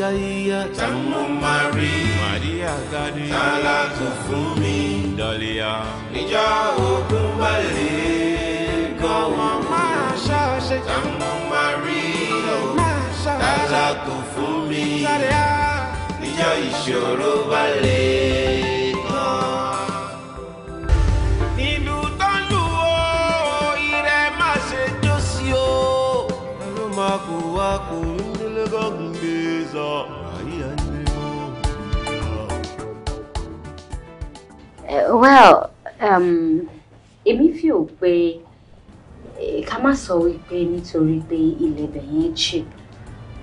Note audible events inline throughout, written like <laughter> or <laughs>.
jaiya. Tamu Mari. Maria Gadi. Sálátù fún mi. Dọ́líà. Níjọ́ ogun balẹ̀ gan wọn máa ṣọ́ọ̀ṣẹ́. Tamu Mari. Máa ṣọ́ọ̀ṣẹ́. Sálátù fún mi. Dọ́líà. Níjọ́ ìṣòro balẹ̀. Aku aku Eh, well um, èmi fi ò pé eh, ká má sọ wípé nítorí pé ilẹ̀ ibẹ̀ yẹn cheap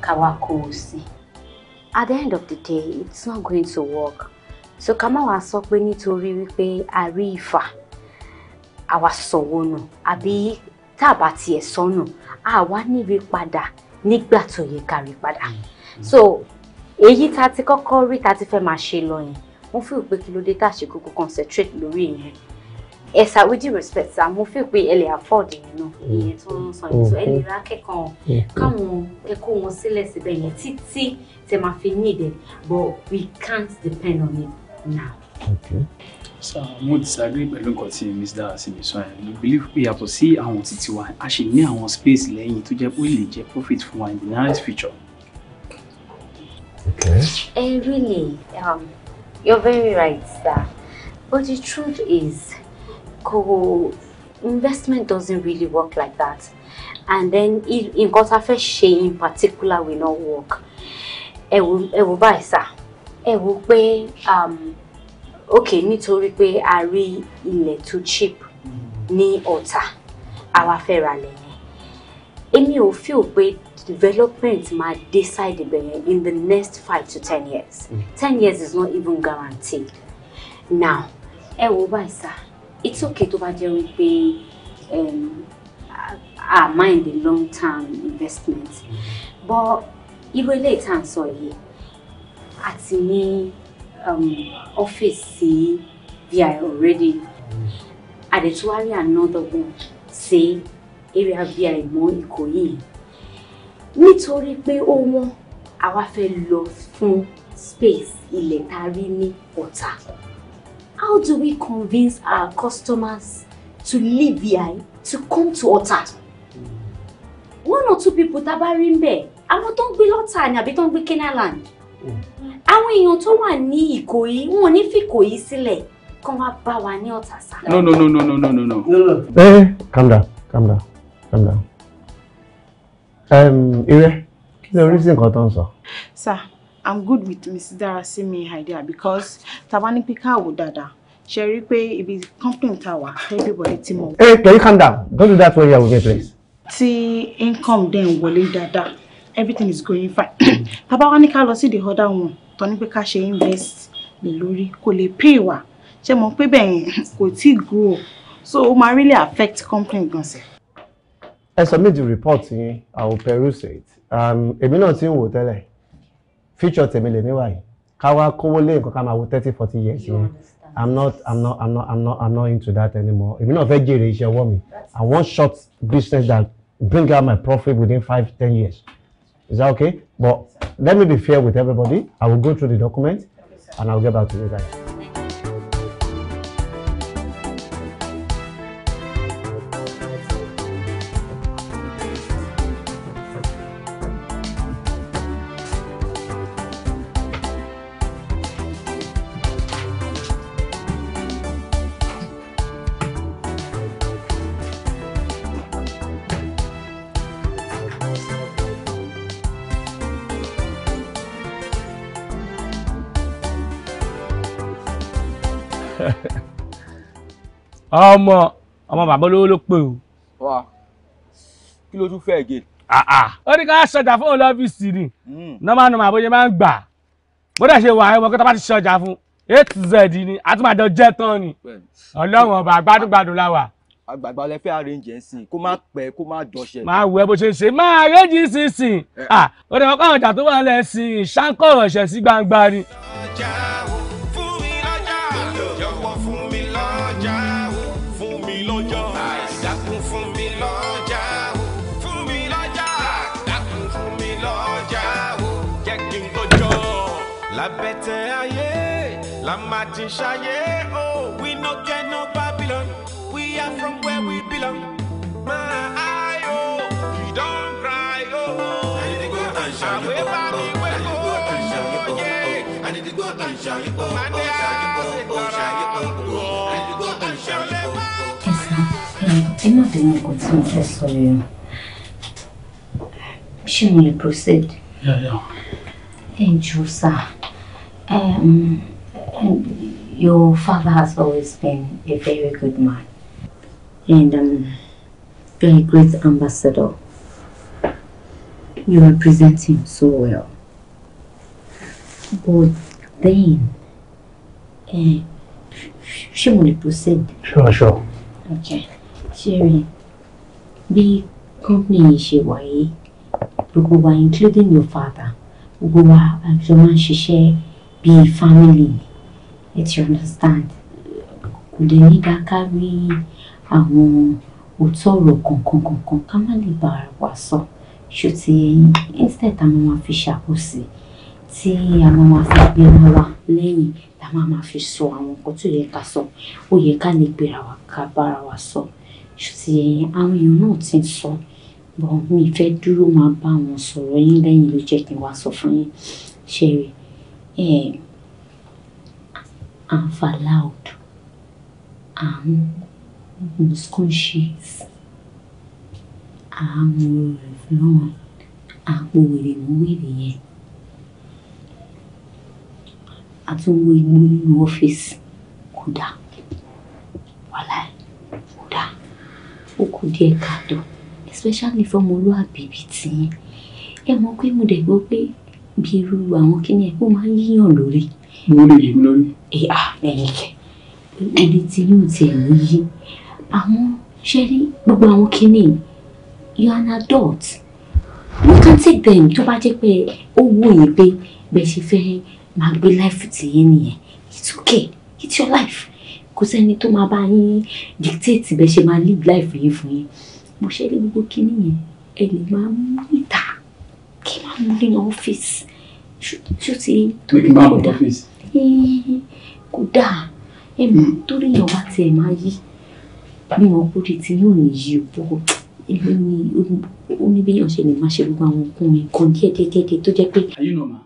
ká wá kó o sí at the end of the day it's not going to work so ká má wàá sọ pé nítorí wípé a rí ìfà àwa sọ̀wọ́ nù àbí tá a bá tiẹ̀ sọnù àwa níbi padà nígbà tó yẹ ká rí padà mm-hmm. so èyí tá a ti kọ́kọ́ rí tá a ti fẹ́ máa ṣe lọ yẹn mo feel pé kí ló dé tá a concentrate lórí ìyẹn ẹ sá with due respect sá mo feel pé ẹ afford ìyẹn náà mm. ìyẹn tó ń sọ yẹn tó ẹ lè mm-hmm. ra akẹ́kọ̀ọ́ káwọn ẹ kó wọn sílẹ̀ síbẹ̀ yẹn títí tẹ fi need it but we can't depend on it now. Okay mo disagree pẹ̀lú nǹkan tí mr asimi sọ yẹn mo believe pé yàtọ̀ sí àwọn títí wa a ṣì ní àwọn space lẹ́yìn tó jẹ́ pé ó lè jẹ́ profit fún wa in the next future. okay. ẹ eh, really um, You're very right, sir. But the truth is, co investment doesn't really work like that. And then in Gotafe Shea in particular will not work. Ẹ wò báyìí, sir. Ẹ wò pé, um, okay, nítorí pé a rí ilẹ̀ too cheap ni Ọ̀tà, àwa fẹ́ ra lẹ̀ yẹn. Èmi feel pé development might decide side in the next five to ten years mm. ten years is not even guaranteed now ẹ wo it's okay to bá jẹ́ our um, mind the long term investment mm. but irú ilé so sọ yìí àti ní we um, are already mm. àdètúwárí another one Say, area vi mọ́ Ìkòyí yìí nítorí pé ó wọ́n àwa fẹ́ lọ fún space ilẹ̀ tá a rí ní ọ̀tà. How do we convince our customers to leave here to come to ọ̀tà? One or two people tá a bá rí ń bẹ̀ àwọn tó ń gbé lọ́tà ni àbí tó ń gbé Kenaland. Àwọn èèyàn tó wà ní Ìkòyí wọn ò ní fi Ìkòyí sílẹ̀ kán wá bá wa ní ọ̀tà sá. No no no no no no no no. Ẹ eh, calm down calm down calm down. Um, Ire, ló rí sí nǹkan tó sir i'm good with mrs Dara darasimi idea because pika wò dada. ṣe rí if it's company tower, everybody team up. hey can you calm down don't do that when you are with me please. ti income then wọlé dáadáa everything is going fine tàbá wá ní ká lọ sí the other one tó ní pé ká ṣe invest lè lórí kò lè pay wa ṣe mọ̀ pé bẹ́ẹ̀ kò grow so ó really affect company gan ẹ submit the report yín I will peruse it um, èmi náà ti ń wò tẹ́lẹ̀ future tèmi lè níwáyé ká wá kówó lé nǹkan ká máa wo thirty forty years yẹn I'm not I'm not I'm not I'm not I'm not into that anymore èmi náà fẹ́ jèrè iṣẹ́ ọwọ́ mi I want short business that bring out my profit within five ten years is that okay but let me be fair with everybody I will go through the document and I will get back to you guys. ọmọ ọmọ bàbá olówó ló pè o. wà kí ló tún fẹ́ gé. Ah, ah. ó ní ká ṣọjà fún òun lọ́fíìsì ni nọ́mà nọ́mà àbóyè máa ń gbà bó dẹ̀ ṣe wà àwọn ọmọ kí tó bá ti ṣọjà fún eight z ni àtúmọ̀dọ̀ jẹ́ tán ni ọlọ́run ọba gbádùngbádùn la wà. ọlẹ fẹ́ arrange ẹ̀ sìn kó má pẹ́ kó má dọ̀ṣẹ́. máa wẹ bó ṣe ṣe máa arrange sísìn eh. ah, ó dẹ̀ wọ́n kọ́ àwọn ọjà tó wà lẹ́sìn ṣáńkọ̀ ọ̀ṣẹ̀ sí gbangba ni. ṣayé o oh. we no get no Babylon we are from where we belong máa eye o oh. we don cry oh. I need to go and o yẹ. I need to go and show you, oh, oh, show you, oh, oh, show you, oh, oh. I need to go and show you, oh, oh. Ẹ má bínú nǹkan tí mo fẹ́ sọ yẹn. Ṣé mo lè proceed? Ẹ jù sá. your father has always been a very good man and um, very great ambassador. You represent him so well. But then, uh, she will proceed. Sure, sure. Okay. Sherry, the company she wáyé, gbogbo including your father, gbogbo wa àjọ máa ń ṣiṣẹ́ bíi family yet you understand kò dẹ̀ ní dáa ká rí àwọn òótọ́ ọ̀rọ̀ kankan kankan ká má lè bá ara wa sọ ṣó ti ẹyin instead tá a máa máa fi ṣàkóso tí a máa máa fi gbéra wa lẹ́yìn tá a máa máa fi sọ àwọn nǹkan tó yẹ ká sọ ó yẹ ká lè gbéra wa ká bára wa sọ ṣó ti ẹyin àwọn èèyàn náà ti ń sọ bọ́ mi fẹ́ dúró máa bá wọn sọ̀rọ̀ yín lẹ́yìn ló jẹ́ kí n wá sọ fún yín ṣe rí ẹ̀ẹ́ and for loud and musconscious and reflon and wèrè mú wèrè yẹn àtúnwò igbó nínú ọ́fíìsì kò dáa wàhálà kò dáa ó kù díẹ̀ káàtó especially fọmọlúàbí bíi tiyín ẹ mọ̀ pé mo dẹ̀ gbọ́ pé bí irú àwọn kíni ẹ̀ kó máa ń yíyàn lórí mo lè yí mi lórí. ẹ eh, à ah, ẹ̀yin kẹ ẹni tí yóò tiẹ̀ níyì àmọ́ ṣe rí gbogbo àwọn kinní you are an adult you can take them tó bá jẹ́ pé ó wù yín pé bẹ́ẹ̀ ṣe fẹ́ máa gbé life tìyín nìyẹn it's okay it's your life kò sẹ́ni tó máa bá yín dictate bẹ́ẹ̀ ṣe máa live life yín fún yín mo ṣe rí gbogbo kinní yẹn ẹ lè máa mú ìta kí n máa mú nínú ọ́fíìsì ṣó ti torí kódà kò dáa ẹ mọ hmm. torí èèyàn bá tiẹ̀ máa yí bí wọn kó di ti yóò ní yí o bọ èmi ni ó ní béèyàn ṣe lè máa ṣe gbogbo àwọn nǹkan nǹkan díẹ̀ díẹ̀ díẹ̀ tó jẹ́ pé. are you normal?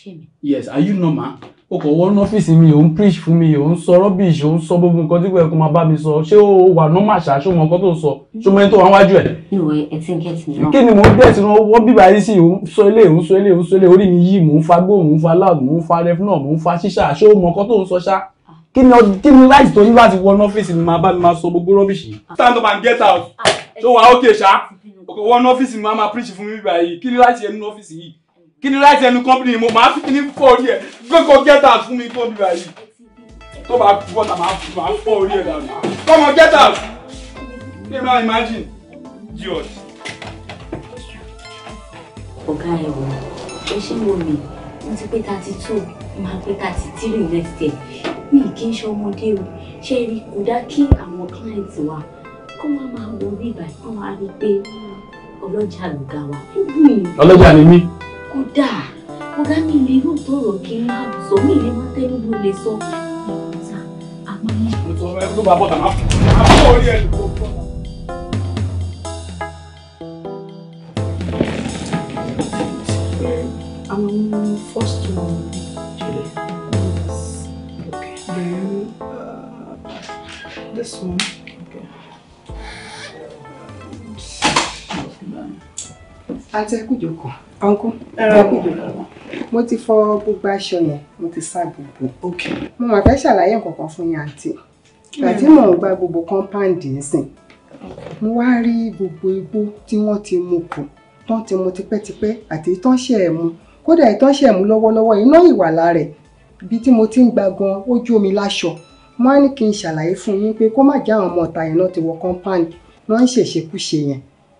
ṣé mi. yes are you normal? o kò wọnú ọ́fíìsì mi ò ń preach fún mi ò ń sọ rubbish ò ń sọ gbogbo nǹkan tí kò yẹ kó máa bá mi sọ ṣé o wà nọ́mà ṣá ṣé o mọ nǹkan tó sọ ṣé o mọ ẹni tó wà wájú ẹ̀. kí ni mò ń bẹ̀ẹ̀ sínú ọwọ́ bíbá yìí sì ò ń sọ ilé ò ń sọ ilé ò ń sọ ilé orí mi yìí mò ń fa gbó mò ń fa láàbù mò ń fa ref náà mò ń fa ṣíṣà ṣé o mọ nǹkan tó ń sọ ṣá kí ni kí ni láì tó yín láti wọnú ọ́fíìsì mi máa bá mi máa sọ gbogbo rubbish yìí. stand up and get out ṣé wàá ókè ṣá ah, wọnú ọ́fíìsì mi máa máa preach fún mi bíbá yìí kí ni láti kí ni láti ẹnu kọ́mpìnì mo máa fi kíní fọ́ orí ẹ̀ gbẹ́kọ̀ gẹ́tà fún mi tó bí báyìí tó bá kú ọ̀tà máa fọ́ orí ẹ̀ dànù kọ́mọ gẹ́tà kí ni imagine jesus. ọ̀gá ẹ̀ wò ó ṣe mo mi mo ti pé thirty two máa pé thirty three next year mi kì í ṣọmọdé o ṣe rí kò dá kí àwọn client wa kó wọn máa wọ bíbá kó wọn á rí i pé ọlọ́jà lùgà wa. ọlọ́jà ni mí kódà kódà mi lè rú tọrọ kí n máa sọ mi lè má tẹnu lè sọ ìgbọ̀nsá àpamọ́. ètò ọ̀rọ̀ ẹ ló bá bọ̀ tàmá àbúrò Okay. Uh, okay àti ẹkújòkó ọ̀nkú ẹkújòkó mo ti fọ gbogbo aṣọ yẹn mo ti sá gbogbo mo mà fẹ́ ṣàlàyé nǹkankan fún yín àǹtí àti mò gba gbogbo kọ́ńpáǹdì nsìn mo wá rí gbogbo igbó tí wọ́n ti mú kù tán ti mu tipẹ́tipẹ́ àti tán ṣe ẹ̀ mu kódà ìtàn ṣe ẹ̀ mu lọ́wọ́lọ́wọ́ iná ìwàlá rẹ̀ ibi tí mo ti ń gba gan ojú omi láṣọ mo á ní kí n ṣàlàyé fún yín pé kó má jẹ́ àwọn ọmọ ọ̀tá yẹn náà ti wọ kọ́ńpáǹdì wọ́n ń ṣèṣekúṣe yẹn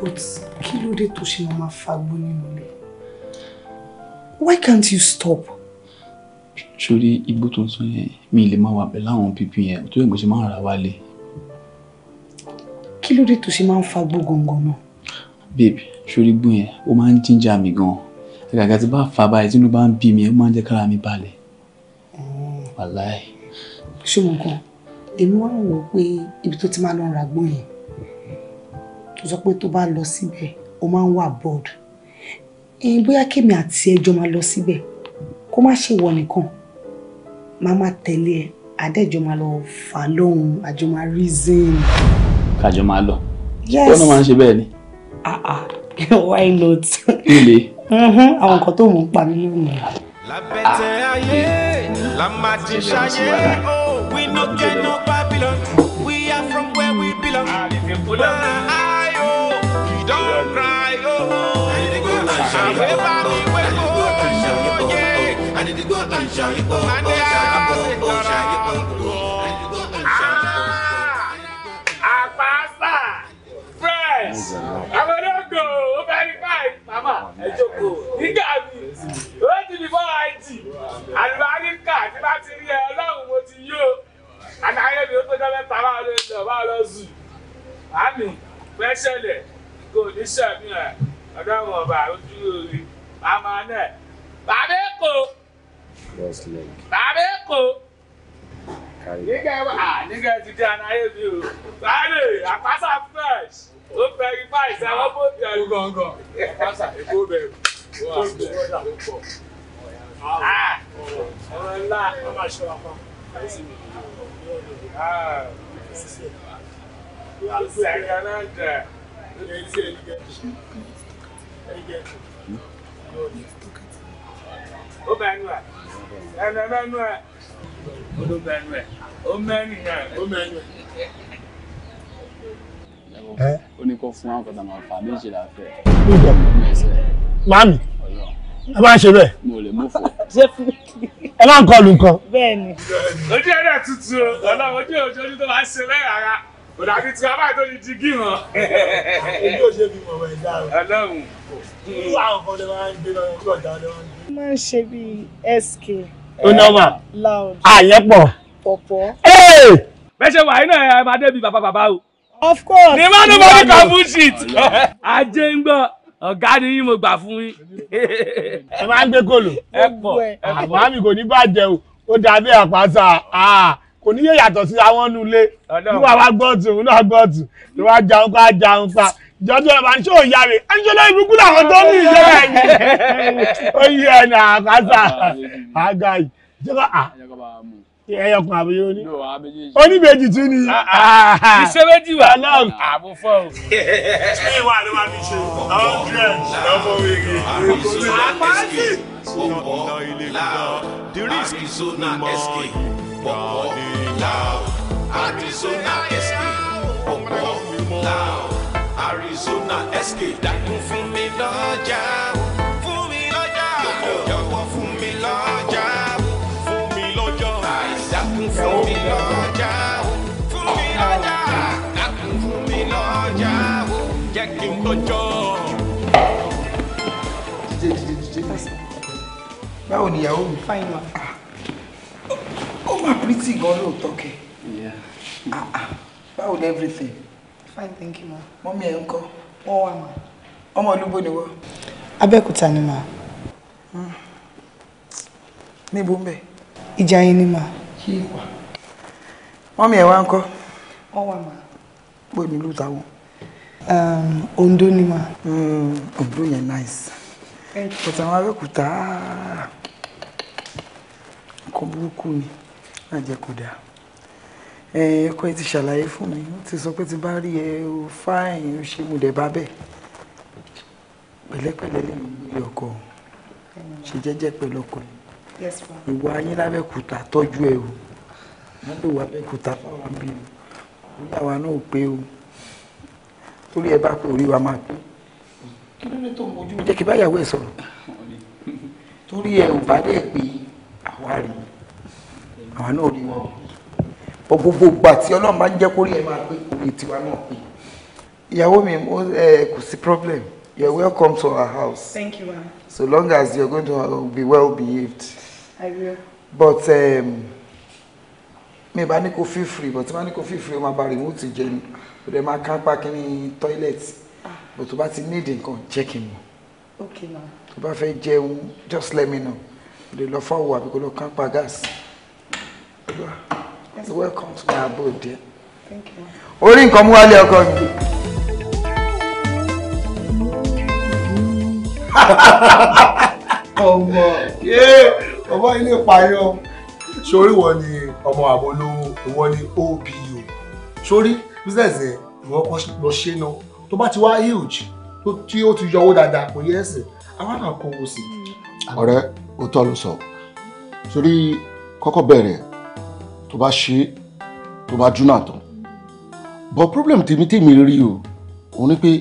But kí ló dé tó ṣe máa Why can't you stop? Sori igbó tó ń sọ yẹn mi lè máa wà pẹ̀lú àwọn pípín yẹn tó yẹ kó ṣe máa ra wálé. Kí ló dé tó ṣe máa ń fagbó gangan náà? Babe, sori gbó yẹn ó máa ń jíjà mi gan. Àgàgà tí bá fà báyìí tí inú bá ń bí mi ẹ̀ ó máa ń jẹ́ kára mi balẹ̀. Oh. Wàláì. Ṣé mo kàn? Èmi wá ń ibi tó ti máa lọ ra gbó tó sọ pé tó bá lọ síbẹ̀ ó máa ń wà bored ẹ̀yin bóyá kémi àti ẹjọ́ máa lọ síbẹ̀ kó má ṣèwọ nìkan má má tẹ̀lé ẹ àdẹ́jọ́ máa lọ fà lóhun àjọ máa reason. kájọ máa lọ yes wọn máa ń ṣe bẹ́ẹ̀ ni. Ah, ah, <laughs> why not. ilé. Mm-hmm. àwọn nǹkan tó mọ̀ ń pa mí lónìí. labẹ́tẹ̀ ayé la máa ti ṣayé o oh, we no get no Babylon we are from where we belong. Ah, ẹ bá mi wé kó ṣòye. àdìdìgbò tó ń ṣọ ipò ó ṣàyípo ó ṣàyípo àdìdìgbò tó ń ṣọ ipò. àpáṣà fresh àwọn ológo ó fẹ́ rí báyìí màmá ẹ jókòó nígbà mi ó ti di bọ́ àìjì àlùbáríkà tí bá ti rí ẹ ọlọ́run mo ti yó àtàyè mi ó tó jẹ́ mẹ́ta báwo ló ń lọ báwo ló ń zù. àmì fẹ́ ọ̀dọ́wọ̀ ọba ojú orí màmá náà bàbá èkó bàbá èkó nígbà wà nígbà ti di anáyé mi o báyìí àpáṣà fresh ó fẹ́rí báyìí sáwọn bó bí ẹrù gọ̀ǹgọ̀ àpáṣà èkó bẹ̀rù ó bẹ̀rù ah. ah. ọ̀rọ̀ ńlá ọmọ àṣọ àpá Yes, I can answer ó bá ẹnu à ẹnu bá ẹnu à ó ló bá ẹnu à ó mẹ́rin náà ó mẹ́rin à. ẹ ó ní kó fún àwọn kọta máa fà méjìlá fẹ. màámi ẹ máa ń ṣe bẹ́ẹ̀. mo lè mú fọ. ẹ máa ń kọlu nǹkan. bẹ́ẹ̀ni. ojú ẹ̀dá tuntun ọlọ́run ojú òjò ojú tó máa ń ṣe bẹ́ẹ̀ rárá kò dàbí tí a bá tó di di gíran. èmi ò ṣe bí mọ̀mọ́ ẹ̀dá rẹ̀. ọlọ́run. irú àwọn kan lè máa ń gbé lọ ojú ọ̀dà lè máa ń gbé. máa ń ṣe bíi sk. tó nọ́mà. Eh, loud. àyẹ̀pọ̀. Ah, pọ̀pọ̀. bẹ́ẹ̀ ṣe wà iná ẹ̀ máa débi bàbá bàbá o. of course. ní máa ń bá ní kan bullshit. ajé ń gbọ́ ọ̀gá ni yín mo gbà fún yín. ẹ máa ń gbé kòlò. ẹ pọ̀ àmọ́ àmì kò ní bàjẹ́ o ó dàbí àpáta. Ah kò ní yé yàtọ̀ sí àwọn nulẹ̀ ní wàá gbọ́tù òun náà gbọ́tù ló wá jaun pa jaun pa jọjọ ọba ní ṣé ò yáre ẹnjọlọ ìbùkún làwọn tó ní ìjọba ẹ̀yìn ó yí ẹni àkásà àga yìí jẹ́kọ̀ à ẹyọkùn àbúyọ ní oníbejì tún ni ah, ah. ah. ìṣẹ́wéjì wà náà àbúfọ́ o. ṣé ìwà ló máa fi ṣe hundred lọ́mọ wege àpáàtì. The risk is so na Pọ̀pọ̀ Lao Arizona SK Pọ̀pọ̀ Lao Arizona SK dákun fún mi lọ́jà o fún mi lọ́jà o jọ̀wọ́ fún mi lọ́jà o fún mi lọ́jà o àìdákun fún mi lọ́jà o fún mi lọ́jà o dákun fún mi lọ́jà o jẹ́ kí n lọ́jọ́. báwo ni ìyàwó mi. fáyín wa. pretty gan lóòótọ́ kẹ. Ah, ah. báwo ni everything. fine thank you ma. mọ́mí ẹ̀ ń kọ́. wọ́n wà mà. ọmọ ni wọ́n. abẹ́òkúta ni ma. Hmm. N'i ń bẹ̀. ni mà. mọ́mí ẹ̀ wá ń kọ́. wọ́n wà mà. pé um, Ondo ni hmm, Ondo nice. Ah, ni. má jẹ́ kó dáa ẹ ẹkọ ẹ ti ṣàlàyé fún mi ó ti sọ pé ti bá rí ẹ o fáìn o ṣe mo dẹ̀ bá bẹ̀ pẹ̀lẹ́pẹ̀lẹ́ lè mú ọkọ ṣe jẹ́jẹ́ pẹ̀lú ọkọ ìwà yín lábẹ́kúta tọ́jú ẹ o wọ́n lè wà bẹ́kúta fáwọn bí o orí àwa náà ò pé o torí ẹ bá pé orí wa máa pé kí ló dé tó ń bójú jẹ́ kí báyàwó ẹ sọ̀rọ̀ torí ẹ ò bá dẹ̀ pé àwa rèé àwọn náà rí wọn bọ gbogbo ìgbà tí Ọlọ́run bá ń jẹ́ kórè ẹ̀ máa pé orí tiwa náà pé ìyàwó mi kò sí problem you are welcome to our house thank you ma'am. so long as you are going to uh, be well behaved i will but um, mi bá ní kó feel free but má ní kó feel free ó máa bá remote jẹ ni ó dẹ̀ máa kápá kí ní toilet ah. but tó bá ti need nǹkan jẹ́ kí n mọ̀ okay ma'am. tó bá fẹ́ jẹun just let me know ó lè lọ fọ́ọ̀wù àbí kó lọ kápá gas. You're welcome to my abode, dear. Thank you. Orí nǹkan mú wálé ọkọ mi. Ọmọ. Ọmọ ilé payọ. Sori wọ ni ọmọ àbọ̀lówó, ìwọ ni OBU. Sori business yẹn ìwọ kan lọ ṣe náà. Tó bá ti wá huge tí ó ti yọwó dáadáa kò yẹ ẹsẹ̀. Àwọn náà kò wò sí. Ọ̀rẹ́, ó tọ́ ló sọ. Sori kọ́kọ́ bẹ̀rẹ̀ tó bá ṣe é tó bá dúnà tán but problem tèmi tèmi rí o òun ni pé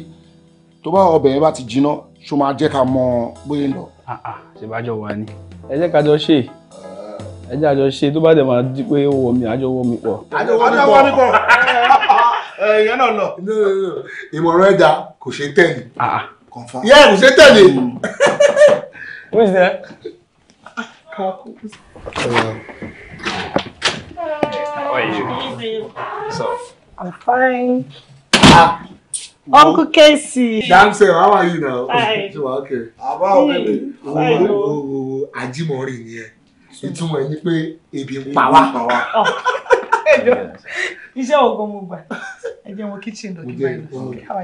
tó bá ọbẹ̀ yẹn bá ti jiná ṣó máa jẹ́ ká mọ bóyá ń lọ. Ah, ah, ṣèbájọ wà ní ẹ jẹ́ ká jọ ṣe ẹ jẹ́ àjọ ṣe tó bá dẹ̀ máa di pé ó wọ mi àjọ wọ mi pọ̀. àjọ wọ mi pọ̀ ẹ̀yẹ <laughs> eh, náà lọ. ìmọ̀ràn ẹ̀dá kò ṣe tẹ̀lé. Ah, yẹ kò ṣe tẹ̀lé. who's How are you? So. I'm fine. Ah. Uncle Casey. Damn, sir, how are you now? Hi. Oh, okay. How are you? Oh, Ajimori ni It's Ìtumọ̀ ẹ̀ ni pé ebi ń pa wá. Oh. <laughs> Iṣẹ́ ògùn mo I Ẹ jẹ́ wọn kitchen lọ kí How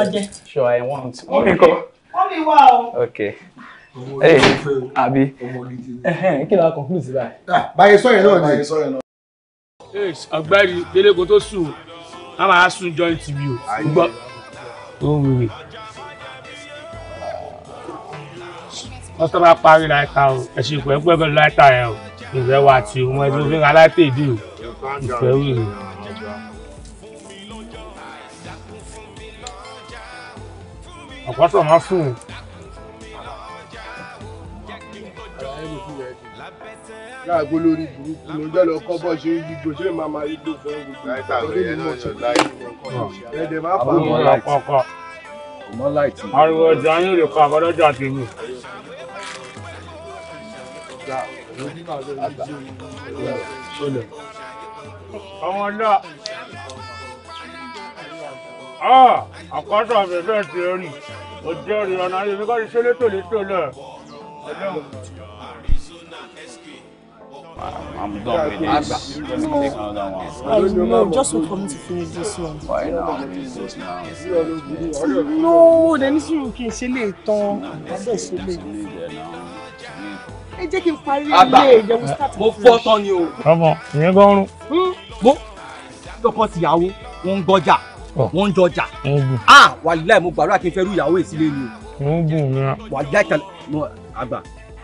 are you? Sure, I want. Okay. mi kọ́. Okay àbí kí ló wá conclude báyìí. Ah, báyìí sọ yẹn náà ni. ọ̀gbẹ́ni délégún tó sùn a máa sùn joint mi o gbọ́ tó ń wèrè. wọ́n tó bá parí láìka o ẹ̀sìn ìpẹ́ pẹ́ pẹ́ láìka yẹn o ìfẹ́ wa ti o wọ́n ti fi ra láìka èdè o ìfẹ́ wèrè. ọ̀pọ̀ tó máa fún un. láàgó lórí burúkú lójọ́ lọ kọ́ bọ́ ṣe yí gbò ṣé màmá yí tó fún gbogbo ìgbà tó ní mọ̀ ṣe láyé kọ̀ọ̀kan ẹ̀dẹ̀ má fà á kọ̀ọ̀kan. ariwo ọjà yín lè kọ àbọ̀dọ́jà tèmi. ọmọ náà àkọ́sọ̀ mi bẹ́ẹ̀ ti rí òjò ìrànà yìí mi kọ́ ti ṣe létòlétò náà. I'm done with this. No, Take another one. just wait for me to finish this one. Why now? Finish now. No, then this one kì í ṣe lè tán. Abẹ́ ṣe lè. Ẹ jẹ́ kí n parí ah, ilé ìyẹ̀wò start. Mo fọ́ tán ni o. Ọmọ ìyẹn gan rún. Gbó hmm? lọ́kọ tìyàwó wọn ń gbọ́jà oh. wọn ń jọjà. Ah wàlúùláì mo gbàdúrà kí n fẹ́ rú ìyàwó ìsílẹ̀ ni o. Wọ́n gùn mi. Wàlúùláì tẹ̀lé àgbà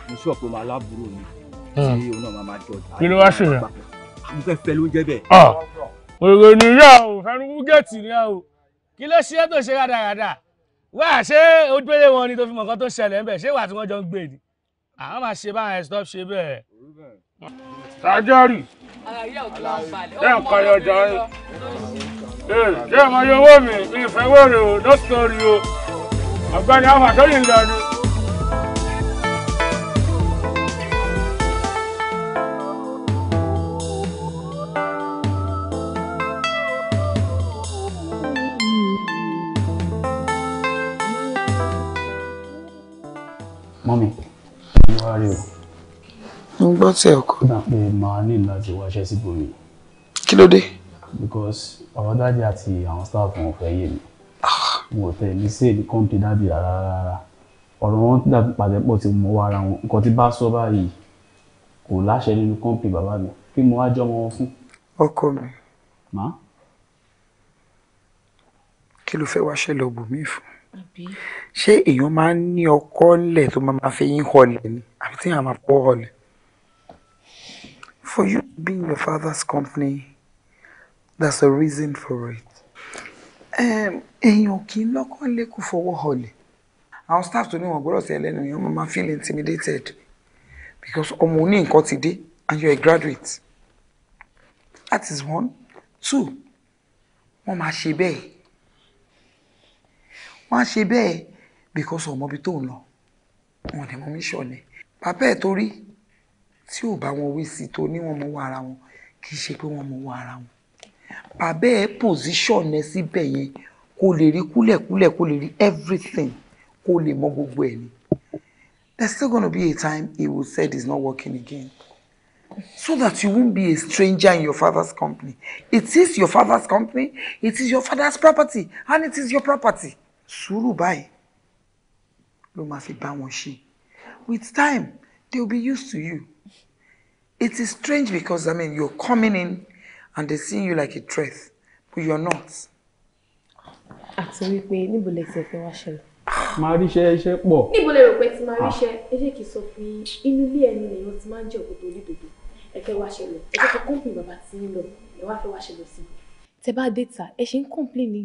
mo sọ pé màá lábúrò mi tí hmm. kí ló wá ṣe yẹn. mo fẹ́ fẹ́ lóúnjẹ bẹ́ẹ̀. òrò ah, nìyá o fẹnu wúgẹ́ẹ̀tì ni a o kí ló ṣe é tó ṣe rádaràda wá ṣé ojúlé wọn ni tó fi mọ̀ nǹkan tó ṣẹlẹ̀ ń bẹ̀ ṣé wà tí wọ́n jọ ń gbé ni àwọn máa ṣe báwọn ẹ̀ stop ṣe bẹ́ẹ̀. tajari ẹ̀ ń kọyọ jọ ẹ̀ yọ owó mi ìfẹ́ wẹ̀rẹ̀ o lọ́sọ̀rọ̀ o ọ̀gbẹ́ni àwọn àtọ́yìn lọ́nu. gbọ́ tí ẹ kọ. ó dà pé màá ní láti wáṣẹ́ síbòmí. kí ló dé. because ọ̀rọ̀ dájú àti àwọn staff wọn fẹ́ yé mi. mo ah. ò tẹ̀lé sí èdè kọ́ńpì dábì rárá rárá ọ̀rọ̀ wọn dàbí pàtẹ́pọ̀ tí mo wá ara wọn nǹkan tí bá sọ báyìí kò láṣẹ nínú kọ́ńpì bàbá mi kí mo wá jọ wọn fún. ọkọ mi. má. kí ló fẹ́ wáṣẹ́ lọ bòmí fún ṣé èèyàn máa ń ní ọkọ ńlẹ̀ tó máa fi yín họlẹ̀ ni àbí tí èèyàn máa pọ̀ họlẹ̀. For you being your father's company, there's a reason for it. Èèyàn kì í lọ́kàn lè kú fọwọ́ họlẹ̀. Àwọn staff tó ní wọn gbọ́dọ̀ sí ẹlẹ́nu yẹn, wọ́n máa feel intimidated because ọmọ oní nǹkan ti dé and you're a graduate. That is one. Two, wọ́n máa ṣe bẹ́ẹ̀. Wọ́n á ṣe bẹ́ẹ̀ because ọmọbi tó ń lọ. Wọ́n dẹ̀ mọ́ mí ṣọ̀lẹ̀. Bàbá ẹ̀ torí tí ò bá wọn wí sí tó ní wọn mọwọ́ ara wọn kì í ṣe pé wọn mọwọ́ ara wọn bàbá ẹ pòsíṣọ̀n ẹ síbẹ̀ yẹn kó lè rí kúlẹ̀kúlẹ̀ kó lè rí everything kó lè mọ gbogbo ẹ̀ ni there's still gonna be a time he will say it's not working again so that you won't be a stranger in your father's company it is your father's company it is your father's property and it is your property sùúrù báyìí ló máa fi bá wọn ṣe with time they will be used to you. It is strange because, I mean, you're coming in and they're seeing you like a threat, but you're not. Àti wípé níbo lẹ se fẹ́ wá ṣẹlẹ̀? Máa ríṣẹ́ iṣẹ́ pọ̀. Níbo lẹ rò pé ti máa ríṣẹ́? Ah. Ẹ jẹ́ kí n sọ fún yín, inú ilé ẹni lèèyàn ti máa ń jẹ́ òkúta onídòdó. Ẹ fẹ́ wá ṣẹlẹ̀, ẹ jẹ́ kí kọ́ńpìnì bàbá ti ń lọ, ẹ wá fẹ́ wá ṣẹlẹ̀ sí i. Tẹ bá dé ta, ẹ ṣe ń kọ́ńpìnì ní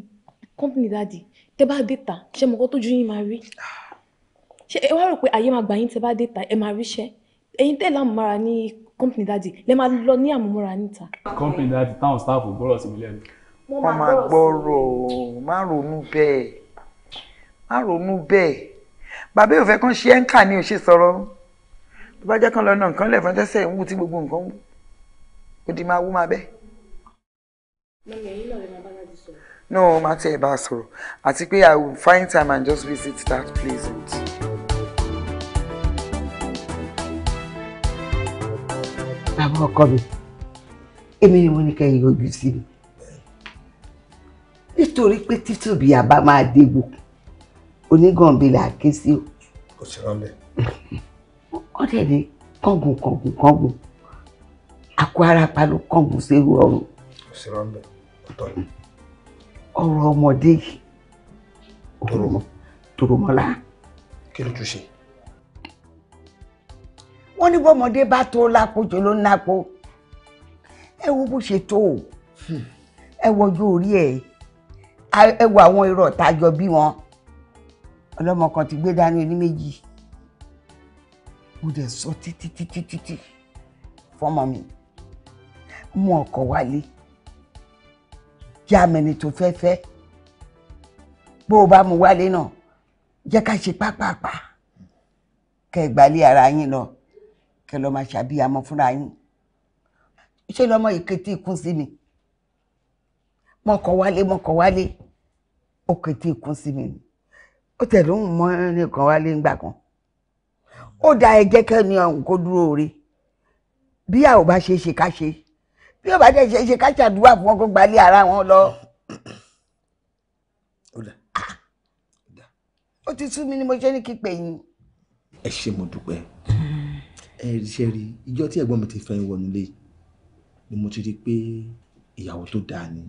kọ́ńpìnì dáàdì. Tẹ mo kọ́ tójú yín máa rí? Ṣé ẹ wá rò pé ayé máa gbà yín tẹ bá dé ta, ẹ máa ríṣẹ́? Ẹ̀yin mara ní company daddy lè máa lọ ní àmúmúra níta. company daddy táwọn staff gbọ́rọ̀ sí mi lẹ́nu. wọ́n máa gbọ́rọ̀ má ronú bẹ́ẹ̀ má ronú bẹ́ẹ̀ bàbá ìfẹ́ kan ṣe ẹ́ńkà ni ò ṣe sọ̀rọ̀ tó bá jẹ́ kan lọ́nà nǹkan lẹ̀ fún tẹ́sẹ̀ ń wú tí gbogbo nǹkan wú ó di máa wú máa bẹ́ẹ̀. mọ̀mí ẹ̀yin náà lè máa bá láti sọ̀rọ̀. no má tiẹ̀ bá a sọ̀rọ̀ àti pé i will find time and just visit that place with you. ọkọ mi èmi ni mo ní kẹ́ yọjú sí mi nítorí pé títúbi àbá máa dégbò onígànbí là ké sí o. kò sí ránlẹ̀. wọ́n dẹ̀ ní kọ̀ngùn kọ̀ngùn kọ̀ngùn àkó arapa ló kọ̀ngùn séwu kò sí ránlẹ̀ ọ̀tọ̀ ni. ọ̀rọ̀ ọmọdé yìí. tòròmọ́ tòròmọ́ la. kí ló tún ṣe wọ́n ní bọ́mọdé bá tó lápòjò ló ń lápò ẹ wo bó ṣe tó o ẹ wo ojú orí ẹ ẹ wo àwọn irọ́ tájọ bí wọn ọlọ́mọ kan ti gbé dání oní méjì mo dẹ̀ sọ títí fọmọ mi mú ọkọ̀ wálé yá tó fẹ́ fẹ́ bó o bá mu wálé náà jẹ́ ká ṣe pápápá kẹ́ ẹ gbalé ara yín lọ. No kẹ lọ́ọ́ máa ṣàbíyamọ fúnra yín ṣé lọ́mọ ìkẹtì ikún sí mi mọ́kọ̀ wálé mọ́kọ̀ wálé ó kẹtì ikún sí mi ó tẹ̀lé òun mọ́ nìkan wálé ńgbà kan ó da ẹjẹ́ kẹ́ni ọ̀hún kó dúró re bí a ò bá ṣe ṣe ká ṣe bí ó bá dẹ̀ ṣe ṣe ká ṣàdúrà fún wọn kó gbalé ara wọn lọ. Ah! ó ti sú mi ni mo ṣe ní kí yín. ẹ ṣé mo dúpẹ́ ẹ ṣe rí ìjọ tí ẹ̀gbọ́n mi ti fẹ́ wọnú lé ni mo ti rí i pé ìyàwó tó dáa ni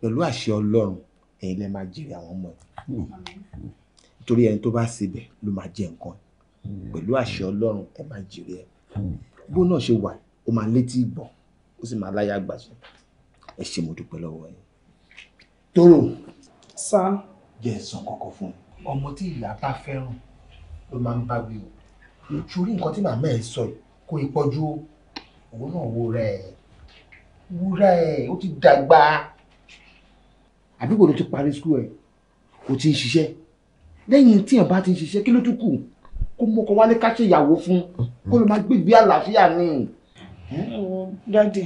pẹ̀lú àṣẹ ọlọ́run ẹ̀yin lẹ́ máa jèrè àwọn ọmọ ẹ̀ torí ẹni tó bá síbẹ̀ ló máa jẹ nǹkan pẹ̀lú àṣẹ ọlọ́run ẹ máa jèrè ẹ̀ bó náà ṣe wà ó máa létí ìgbọ̀n ó sì máa láyà gbàṣẹ ẹ ṣe mo dúpẹ́ lọ́wọ́ ẹ. tóró sá jẹ́ ẹ̀sán kọ̀ọ̀kan fún ọmọ tí ìyá bá fẹ́ràn ló máa ń bá wí o torí nǹkan tí màmá ẹ sọ kò í pọ̀jù òun náà wúra ẹ wúra ẹ ó ti dàgbà àbí kò ló ti parí skul ẹ kò ti ń ṣiṣẹ́ lẹ́yìn tí èèyàn bá ti ń ṣiṣẹ́ kí ló tún kù kó mọ́kọ wálé ká ṣe ìyàwó fún kó ló máa gbégbé àlàáfíà ni. dáàdì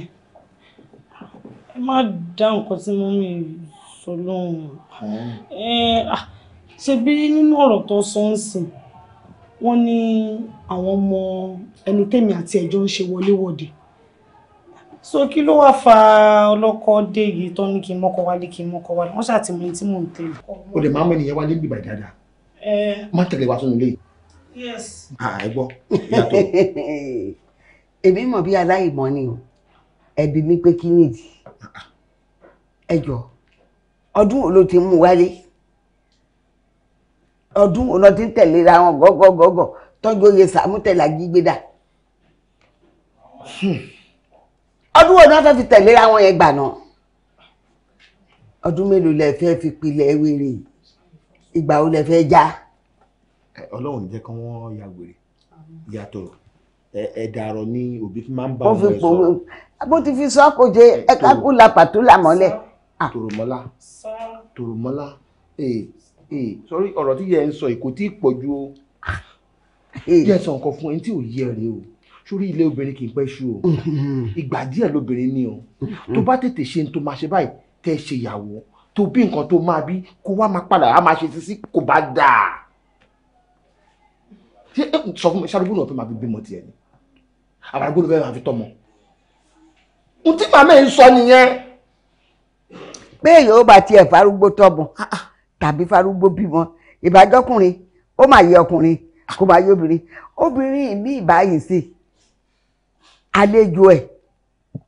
ẹ má dá nǹkan tí mo mi sọ lóhùn ṣe bí nínú ọ̀rọ̀ tó sọ ń sìn wọ́n ní àwọn ọmọ ẹni tẹ̀mí àti ẹ̀jọ́ ń ṣe wọléwọ̀de so kí ló wáá fa ọlọ́kọ dé yìí tó ní kí n mọ́kọ wálé kí n mọ́kọ wálé wọ́n ṣàtìmọ́ ẹni tí mò ń tẹ̀lé. o lè máa mọ ènìyàn wálé bíbà dáadáa má tẹ̀lé wa sínú ilé yìí. yes. ẹ gbọ́ yàtọ̀. <laughs> èmi mọ̀ bí aláìmọ̀ ni o ẹ̀bi mi pé kí nìdí ah, ah. ẹjọ́ ọdún wo ló ti mú wálé ọdún ọ̀nà tí ń tẹ̀léra wọn gọ́gọ́gọ́gọ́ tọ́jú oyè sàmútẹ̀lá gbígbéda hmm. ọdún ọ̀nà fẹ́ fi tẹ̀léra wọn yẹn gbà náà ọdún mélòó lẹ fẹ́ fi pilẹ̀ wèrè ìgbà wo lẹ fẹ́ já. ọlọ́run jẹ́ kí wọ́n ya wèrè yàtọ̀ ẹ̀dà àrọ̀ ni òbí fi máa ń bá wọn sọ. bó ti fi sọ kò jẹ ẹ̀ka kú la pàtó là mọ́lẹ̀. Ah. tòròmọ́lá tòròmọ́lá eh, Eh, sọrí ọ̀rọ̀ tí yẹ ń sọ èkó tí pọ̀ ju o yẹ <laughs> eh. sọ nǹkan fún ẹni tí ò yẹ rẹ o sórí ilé obìnrin kì í pẹ́ ṣú o mm-hmm. ìgbà díẹ̀ lóbìnrin ni o mm-hmm. tó bá tètè ṣe tó máa ṣe báyìí tẹ́ ṣe ìyàwó tó bí nǹkan tó máa bí kó wá máa padà á máa ṣe sísí kò bá dáa ṣé sọ fún mi ṣàdúgbò náà fẹ́ máa fi bímọ tiẹ̀ ni àbàdúgbò náà fẹ́ máa fi tọmọ ohun tí màmá yìí sọ nìyẹn. pé èèyàn bá tiẹ̀ farúgbó tọ́mọ ah, ah tàbí farúgbó bímọ ìbájọkùnrin ó máa yẹ ọkùnrin kó máa yẹ obìnrin obìnrin mi ìbáyìí sí àlejò ẹ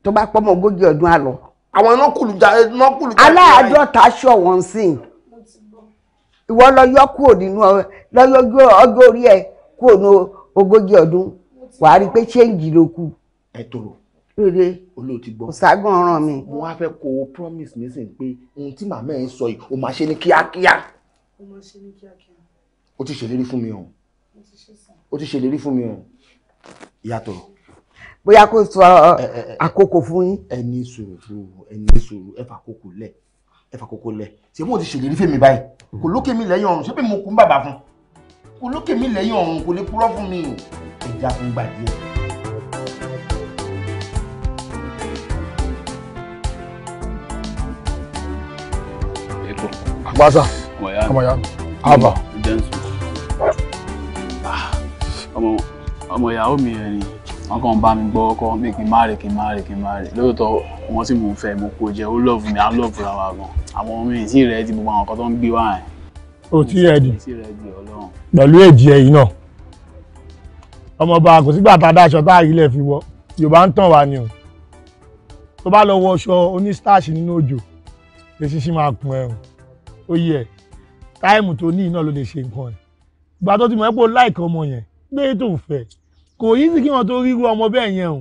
tó bá pọ́ mọ́ ogójì ọdún àlọ́. àwọn nọ́kùlù jà nọ́kùlù jà. aláàdọ́ta ṣọ̀ wọ́n sí i ìwọ lọ yọ kúrò nínú lọ́yọ́jú ọjọ́ orí ẹ kúrò ní ogójì ọdún wàá rí i pé ṣéǹjì ló kù. ẹ tòrò lóde olóòtú gbọ́ ọ̀ságun ọ̀ràn mi. mo wá fẹ́ kó o promise mi sìn pé ohun tí màmá ẹ̀ ń sọ yìí o máa ṣe ní kíákíá. o máa ṣe ní kíákíá. o ti ṣèlérí fún mi o. o ti ṣèlérí fún mi o. ìyàtọ̀. bóyá kó sọ àkókò fún yín. ẹ ní sùúrù fún ẹ ní sùúrù ẹ fà kókò lẹ ẹ fà kókò lẹ ṣé mo ti ṣèlérí fún mi báyìí kò lókè mi lẹ́yìn ọ̀run ṣé pé mo kún bàbá fún kò lókè mi lẹ́yìn ọ̀run kò lè purọ́ fún mi o ẹ já fún gbà díẹ̀. pàṣà ọmọ ya mi àbà. Ah, ọmọ ìyàwó mi rẹ ni wọn kàn bá mi gbọ́ ọkọ mi kì í má rè kì í má rè kì í má rè lóòótọ́ wọn sì mò ń fẹ́ mo kó jẹ ó lọ́ọ̀fù mi á lọ́ọ̀fù ra wa gan àwọn ọmọ mi sì rẹ ti gbogbo àwọn nǹkan tó ń gbé wá yẹn. o ti rẹ di pẹ̀lú èjì ẹ̀yìn náà ọmọọba kò sígbà tá a dáṣọ tá a rí ilẹ̀ fi wọ yorùbá ń tàn wá ni o tó bá lọ wọ ọṣọ oní starch nínú òjò eṣinṣin máa kun ẹ o ó yẹ táìmù tó ní iná ló lè ṣe nǹkan ẹ̀ ìgbà tó ti mọ̀ ẹ́ pé ó láìka ọmọ yẹn gbé tó ń fẹ́ kò yí sí kí wọn tó ríru ọmọ bẹ́ẹ̀ yẹn o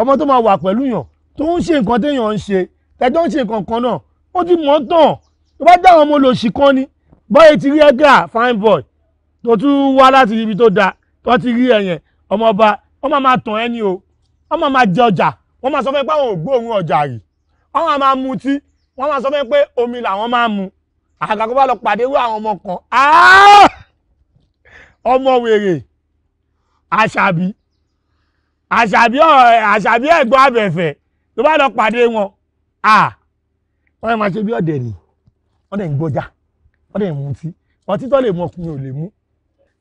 ọmọ tó máa wà pẹ̀lú yàn tó ń ṣe nǹkan téèyàn ń ṣe tẹ́jọ́ ń ṣe nǹkan kan náà ó ti mọ̀ tán tó bá dáhùn ọmọ olóṣì kan ni báyìí ti rí ẹgà fine boy tó tún wá láti ibi tó da tó ti rí ẹyẹn ọmọ ọba wọn máa máa tàn ẹni o wọn máa máa jẹ ọjà wọn máa sọ fún ẹ pé àwọn ò gbóòórùn ọjà rì wọn máa máa mutí wọn máa sọ fún ẹ pé omi làwọn máa mu àgàgà bá lọ pàdé irú àwọn ọmọ kan ah! ọmọ wèrè àṣàbí àṣàbí àṣàbí ẹ̀gbọ́n abẹ̀fẹ̀ tó bá lọ pàdé wọn ah! wọ́n yẹn máa ṣe bí ọ̀dẹ̀ ni wọ́n dẹ̀ ń gbọ́jà wọ́n dẹ̀ ń mutí ọtí tó lè mú ọkùnrin ò lè mú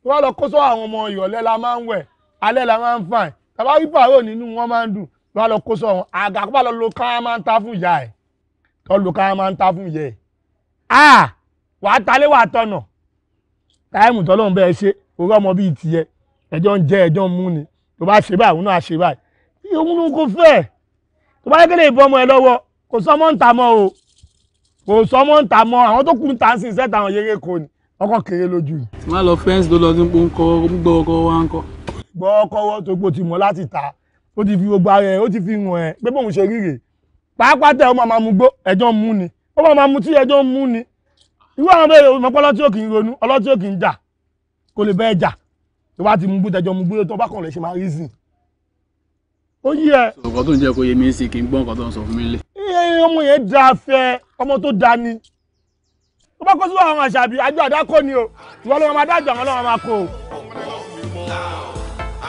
tó bá lọ kó sọ àwọn ọmọ ìrọ̀lẹ́ la máa ń wẹ̀ alẹ́ la máa ń fà ẹ̀ tàbá rí pàrọ̀ nínú wọn máa ń dùn tó bá lọ kó sọ àwọn àgàkọ́ bá lọ lo káwọn máa ń ta fún ìyá ẹ̀ tó lo káwọn máa ń ta fún ìyá ẹ̀ ah wàá talé wàá tọ̀nà táìmù tọ́lọ́run bẹ́ẹ̀ ṣe orú ọmọ bíi tiẹ̀ ẹjọ́ ń jẹ́ ẹjọ́ ń mú ni tó bá ṣe báyìí òun náà ṣe báyìí òun ló kó fẹ́ tó bá yẹ́kẹ́lẹ́ ìbọn ọmọ ẹ lọ́wọ́ kò sọmọ́ ń ta mọ́ o kò sọmọ́ ń ta mọ́ àwọn tó kù ń ta sí iṣẹ́ táwọn yẹ́kẹ́ kò ní ọkọ̀ kéré lójú yìí. tí wọ́n lọ fẹ́ǹsì tó lọ sí pọ́ńkọ́ wa ń kọ́. gbọ́ ọkọ̀ wọ́n tó ti mọ̀ láti ta ó ti fi gbogbo ara ẹ̀ ó ti fi hàn ẹ́ pé bóun ṣe ríre pàápàá tẹ ọmọ àmàmúgbó ẹjọ́ mú ni ó máa máa mu tí ẹjọ́ ń mú ni irú àwọn ọmọ ìròyìn mọ́pọ́ ọlọ́tí òkì ń ronú ọlọ́tí òkì ń jà kò lè bẹ́ẹ̀ jà tó bá ti mú bútẹ́jọ́ mú búrẹ́ tó bá kàn lè ṣe máa rí ó yí ẹ. ọ̀gọ́ tó ń jẹ́ kó yé mi sí kí n gbọ́ nǹkan tó ń sọ fún mi lé. iye ọmọ yẹn da fẹ́ ọmọ tó da ni ó bá kó sí àwọn àṣàbí àjọ àdákò ni o ìwọ ló máa dájọ àwọn ọlọ́run máa kó o.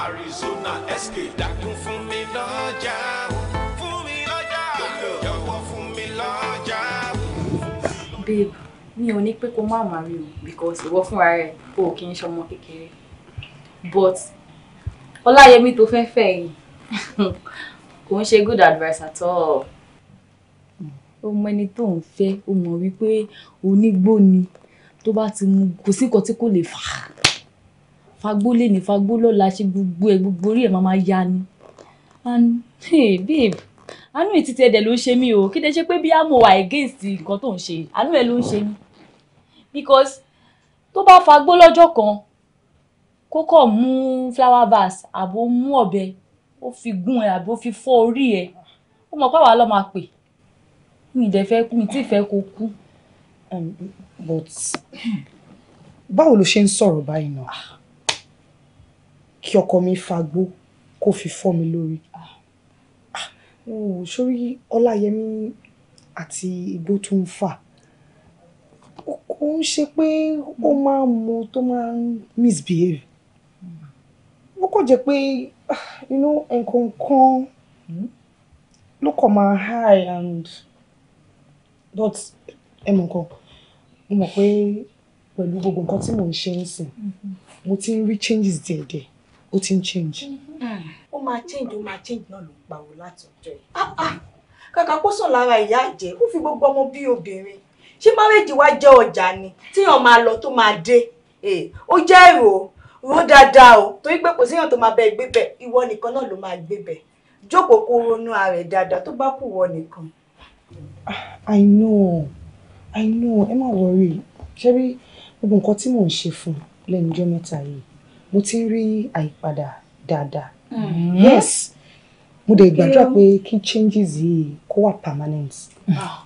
Arizona escape mi ò ní pé kó má má rí o because ìwọ fúnra rẹ o kì í ṣọmọ kékeré but ọláyẹmí tó fẹ́ fẹ́ yìí <laughs> kò ń ṣe good advice at all. ọmọ ẹni tó ń fẹ́ ó mọ̀ wípé onígbó ni tó bá ti mu kò sí nǹkan tí kò lè fà á fagbó lè ní fagbó lọ́la ṣe gbogbo ẹ̀ gbogbo orí ẹ̀ máa máa ya ni and hey babe àánú ètí ti ẹ̀dẹ̀ ló ń ṣe mí o kí ni ẹ ṣe pé bí a mọ̀ wà against nǹkan tó ń ṣe àánú ẹ̀ ló ń ṣe mí because tó bá fagbó lọ́jọ́ kan kó kọ̀ mú flower vase àbò mú ọ̀bẹ ó fi gún ẹ àbò fi fọ́ orí ẹ ó mọ̀ pé àwa lọ́ọ́ máa pè mi dẹ̀ fẹ́ mi tí fẹ́ kó kú. Um, but báwo ló ṣe ń sọ̀rọ̀ báyìí náà ah. kí ọkọ mi fagbó kó fi fọ́ mi lórí sórí ah. ah, ọláyẹmí àti igbó tó ń fà kò ń ṣe pé ó mm. máa ń mu tó máa ń misbehave mm. ó kò jẹ́ pé inú ah, nǹkan kan mm. ló kàn máa high and but ẹ mọ̀ nǹkan mo mọ̀ pé pẹ̀lú gbogbo nǹkan tí mò ń ṣe ń sìn mm-hmm. mo ti ń rí changes díẹ̀díẹ̀ ó ti ń change. Mm-hmm. ó máa change ó máa change náà ló ń pariwo láti ọjọ́ yìí ah, ah, kàkà kó sàn lára ìyá ìjẹ́ ó fi gbogbo ọmọ bí obìnrin ṣé márèjì wa jẹ́ ọjà ni tíyàn máa lọ tó máa dé eh, ó jẹ́ èrò ró dáadáa o torí pé kò síyàn tó máa bẹ gbé bẹ ìwọ nìkan náà ló máa gbé bẹ jókòó kó ronú ara ẹ̀ dáadáa tó bá kù wọ nìkan. I know I know ẹ má wọrí ṣé rí gbogbo nǹkan tí mò ń ṣe fún lẹ́nu mẹ́ta yìí mo ti ń rí àyípadà dáadáa mm-hmm. yes mo dẹ̀ gbàdúrà pé kí changes yìí kó wà permanent. Ah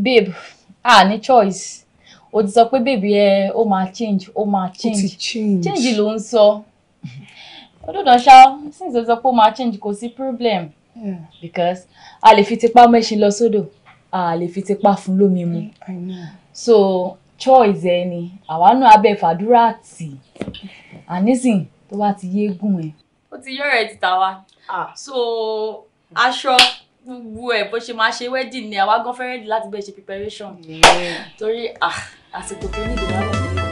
babe a ah, ní choice o ti sọ pé babe ẹ ó máa change ó ma change change change ló ń sọ olódò <laughs> ṣá since o sọ pé ó máa change kò sí problem yeah. because a lè fi tipá mẹ́ṣin lọ sódò a lè fi tipá fún lómi mu mm, so choice ẹ ni àwa náà abẹ́ fàdúrà tì ànísìn tó bá ti yéégùn ẹ. ó ti yọ̀rọ̀ ti tà wá ah. so aṣọ. Ah gbogbo ẹ̀ bó ṣe máa ṣe wedding ni àwa gan fẹ́rẹ́ dì láti bẹ́ẹ̀ ṣe preparation torí ah, àsìkò tó ní ìdílé àwọn ọmọdé.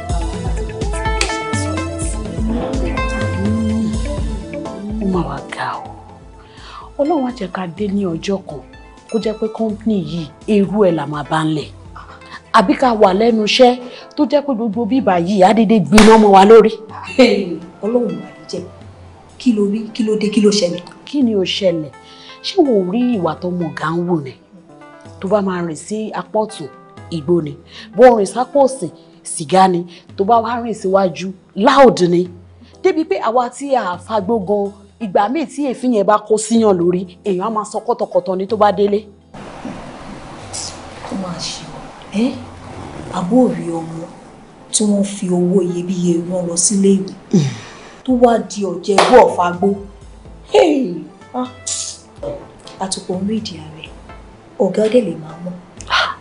ó mà wá ga o ọlọ́run á jẹ́ ká dé ní ọjọ́ kan kó jẹ́ pé kọ́ńpìnì yìí èrú ẹ̀ là máa bá ń lẹ̀ àbí ká wà lẹ́nu iṣẹ́ tó jẹ́ pé gbogbo bíbà yìí àdédé gbiná mọ́ wa lórí. ọlọ́run àdìjẹ kí ló rí kí ló dé kí ló ṣẹlẹ̀. kí ni ó ṣẹlẹ̀ ṣé wò ó rí ìwà tọmọ ọ̀gá ń wù ni tó bá máa rìn sí apá ọ̀tún igbó ni bó rìn sápò òsì sìgá ni tó bá wá rìn síwájú láòdì ni débi pé àwa tí a fagbó gan ìgbà míì tí èéfín yẹn bá kó síyàn lórí èèyàn á máa sọ kọ́tọ̀kọ́tọ̀ ni tó bá délé. ó máa ṣe ẹ àbóòrí ọmọ tí wọ́n fi owó iyebíye rán lọ sílé ìwé tó wá di ọ̀jẹ̀ ẹgbẹ́ ọ̀fagbó. Ah! àtùpọ̀ ń rídìí ààrẹ ọ̀gá dẹ̀ lè máa mọ̀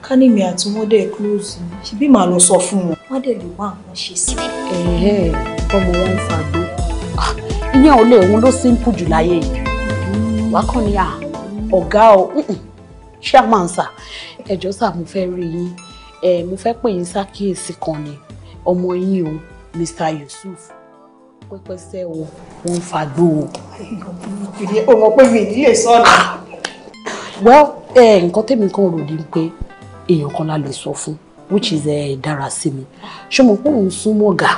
ká ní mi àti wọ́n dẹ̀ close ni ṣebí màá lọ sọ fún wọn wọ́n dẹ̀ lè wá nǹkan ṣe sí. ẹ̀ẹ́ ọmọ wa ń fagbó ah, ìyẹn ò lè òun ló simple jù láyé yìí wàá kàn ní ah, ọ̀gá ò chairman sir ẹjọ́ sà mo fẹ́ rí yín mo fẹ́ pè yín ṣàkíyèsí kan ni ọmọ yín o Mr. Yusuf pẹpẹsẹ o wọ́n ń fagbó o. ọmọ pé mi ìdílé sọ́ọ̀nà well eh, nǹkan tèmi kan rò ní pé èèyàn kan la lè sọ fún which is eh, dára sí mi ṣé mo pé òun sún mọ́ ọ̀gá